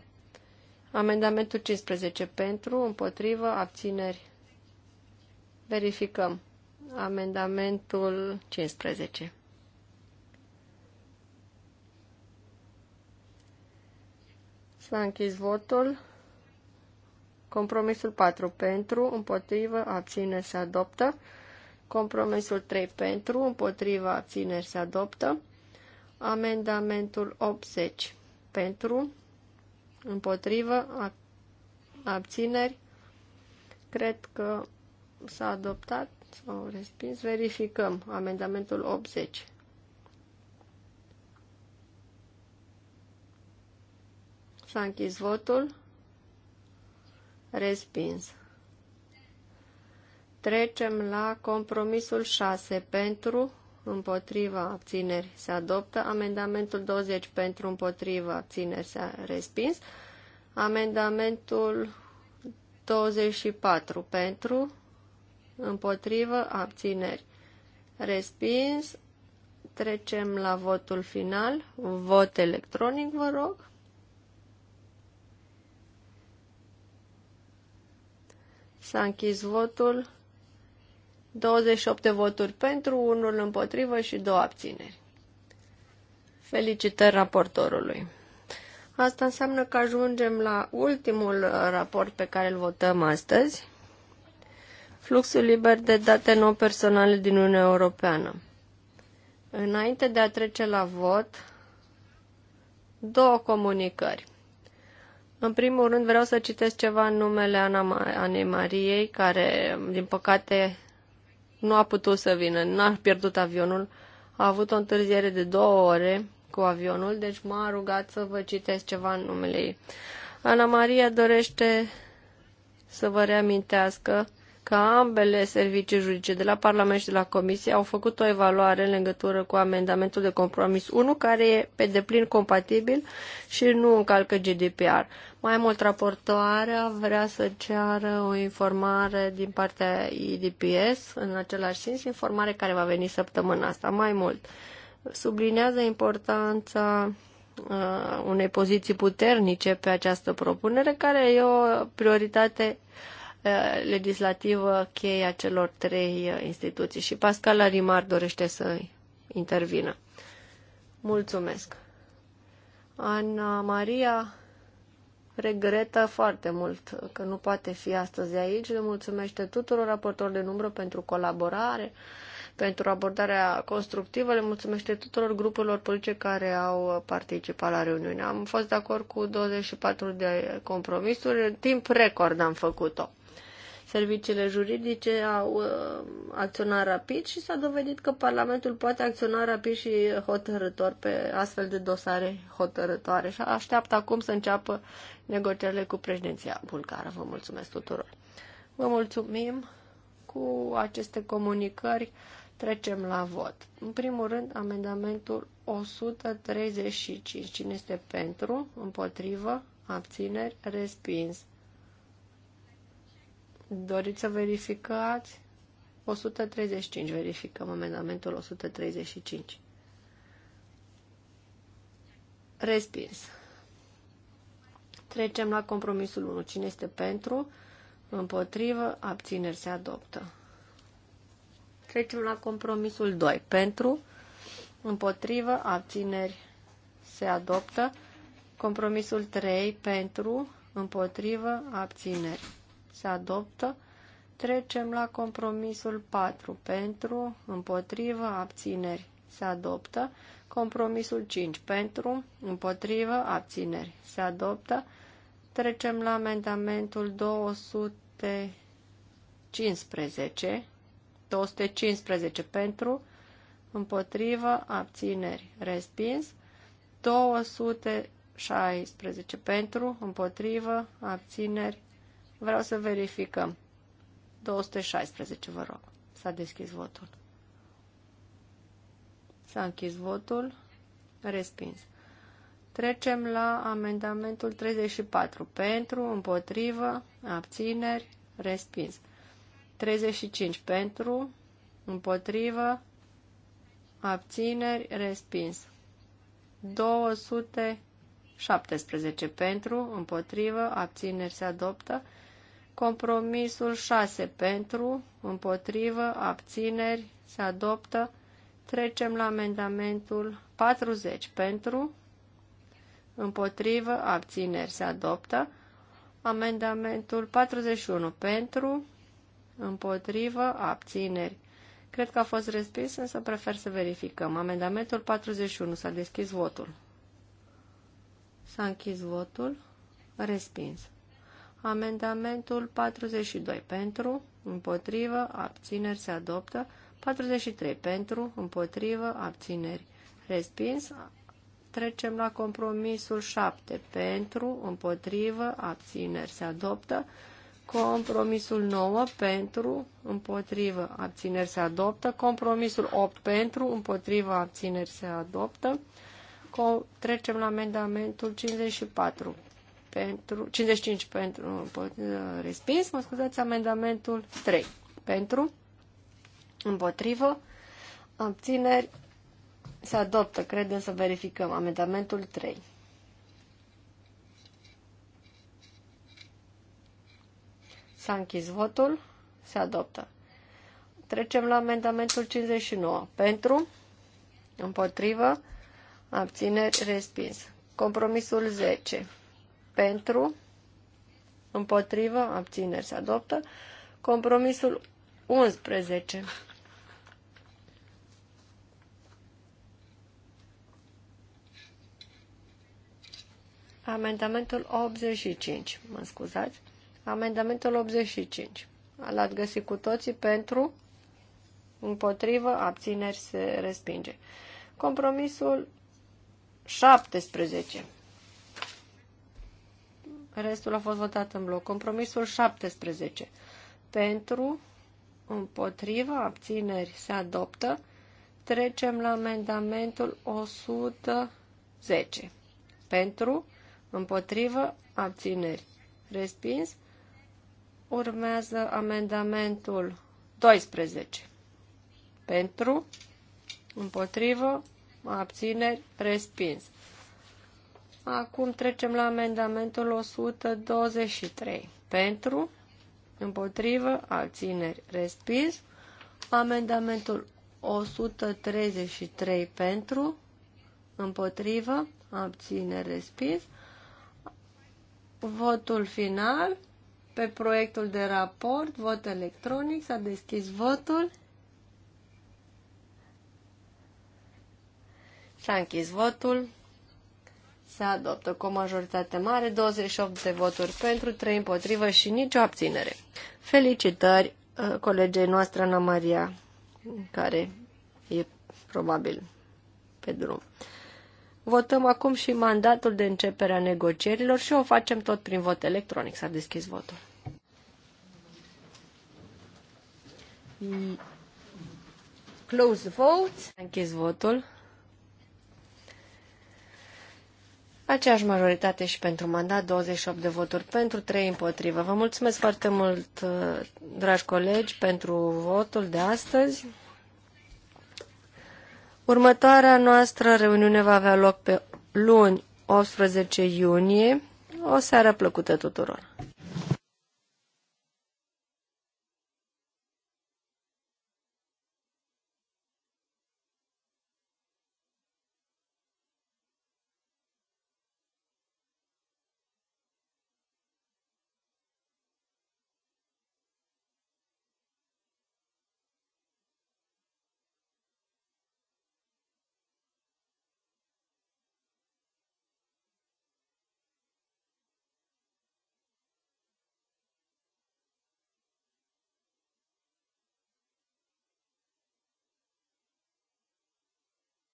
Amendamentul 15 pentru, împotrivă, abțineri. Verificăm. Amendamentul 15. S-a închis votul. Compromisul 4 pentru, împotrivă, abține, se adoptă. Compromisul 3 pentru, împotrivă, abține, se adoptă. Amendamentul 80 pentru, împotrivă, abțineri. Cred că s-a adoptat sau respins. Verificăm amendamentul 80. Și a închis votul. Respins. Trecem la compromisul 6 pentru împotriva abțineri se adoptă, amendamentul 20 pentru împotriva abțineri se a respins, amendamentul 24 pentru împotrivă abțineri respins, trecem la votul final, vot electronic vă rog. S-a închis votul. 28 voturi pentru, unul împotrivă și două abțineri. Felicitări raportorului. Asta înseamnă că ajungem la ultimul raport pe care îl votăm astăzi. Fluxul liber de date non personale din Uniunea Europeană. Înainte de a trece la vot, două comunicări. În primul rând vreau să citesc ceva în numele Ana, Anei Mariei, care, din păcate, nu a putut să vină, n-a pierdut avionul, a avut o întârziere de două ore cu avionul, deci m-a rugat să vă citesc ceva în numele ei. Ana Maria dorește să vă reamintească că ambele servicii juridice de la Parlament și de la Comisie au făcut o evaluare în legătură cu amendamentul de compromis 1, care e pe deplin compatibil și nu încalcă GDPR. Mai mult, raportoarea vrea să ceară o informare din partea IDPS, în același sens, informare care va veni săptămâna asta. Mai mult, sublinează importanța uh, unei poziții puternice pe această propunere, care e o prioritate uh, Uh, legislativă cheia celor trei uh, instituții și Pascal Arimar dorește să intervină. Mulțumesc. Ana Maria regretă foarte mult că nu poate fi astăzi aici. Le mulțumește tuturor raportorilor de numbră pentru colaborare, pentru abordarea constructivă. Le mulțumește tuturor grupurilor politice care au participat la reuniune. Am fost de acord cu 24 de compromisuri. În timp record am făcut-o serviciile juridice au uh, acționat rapid și s-a dovedit că Parlamentul poate acționa rapid și hotărător pe astfel de dosare hotărătoare și așteaptă acum să înceapă negocierile cu președinția bulgară. Vă mulțumesc tuturor! Vă mulțumim! Cu aceste comunicări trecem la vot. În primul rând, amendamentul 135. Cine este pentru? Împotrivă? Abțineri? Respins. Doriți să verificați? 135. Verificăm amendamentul 135. Respins. Trecem la compromisul 1. Cine este pentru? Împotrivă? Abțineri se adoptă. Trecem la compromisul 2. Pentru? Împotrivă? Abțineri se adoptă. Compromisul 3. Pentru? Împotrivă? Abțineri se adoptă. Trecem la compromisul 4. Pentru, împotrivă, abțineri, se adoptă. Compromisul 5. Pentru, împotrivă, abțineri, se adoptă. Trecem la amendamentul 215. 215 pentru, împotrivă, abțineri, respins. 216 pentru, împotrivă, abțineri, Vreau să verificăm. 216, vă rog. S-a deschis votul. S-a închis votul. Respins. Trecem la amendamentul 34. Pentru, împotrivă, abțineri, respins. 35. Pentru, împotrivă, abțineri, respins. 217. Pentru, împotrivă, abțineri se adoptă. Compromisul 6 pentru, împotrivă, abțineri, se adoptă. Trecem la amendamentul 40 pentru, împotrivă, abțineri, se adoptă. Amendamentul 41 pentru, împotrivă, abțineri. Cred că a fost respins, însă prefer să verificăm. Amendamentul 41. S-a deschis votul. S-a închis votul. Respins. Amendamentul 42 pentru, împotrivă, abțineri se adoptă. 43 pentru, împotrivă, abțineri respins. Trecem la compromisul 7 pentru, împotrivă, abțineri se adoptă. Compromisul 9 pentru, împotrivă, abțineri se adoptă. Compromisul 8 pentru, împotrivă, abțineri se adoptă. trecem la amendamentul 54 pentru, 55 pentru uh, respins, mă scuzați, amendamentul 3 pentru, împotrivă, abțineri, se adoptă, credem să verificăm, amendamentul 3. S-a închis votul, se adoptă. Trecem la amendamentul 59. Pentru, împotrivă, abțineri, respins. Compromisul 10 pentru, împotrivă, abțineri se adoptă. Compromisul 11. Amendamentul 85, mă scuzați. Amendamentul 85. L-ați găsit cu toții pentru, împotrivă, abțineri se respinge. Compromisul 17. Restul a fost votat în bloc. Compromisul 17. Pentru, împotriva, abțineri se adoptă. Trecem la amendamentul 110. Pentru, împotrivă, abțineri. Respins. Urmează amendamentul 12. Pentru, împotrivă, abțineri, respins. Acum trecem la amendamentul 123. Pentru, împotrivă, abțineri, respins. Amendamentul 133 pentru, împotrivă, abțineri, respins. Votul final pe proiectul de raport, vot electronic, s-a deschis votul. S-a închis votul se adoptă cu o majoritate mare, 28 de voturi pentru, 3 împotrivă și nicio abținere. Felicitări uh, colegei noastre Ana Maria, care e probabil pe drum. Votăm acum și mandatul de începere a negocierilor și o facem tot prin vot electronic. S-a deschis votul. Close vote. Închis votul. Aceeași majoritate și pentru mandat, 28 de voturi pentru, 3 împotrivă. Vă mulțumesc foarte mult, uh, dragi colegi, pentru votul de astăzi. Următoarea noastră reuniune va avea loc pe luni, 18 iunie. O seară plăcută tuturor!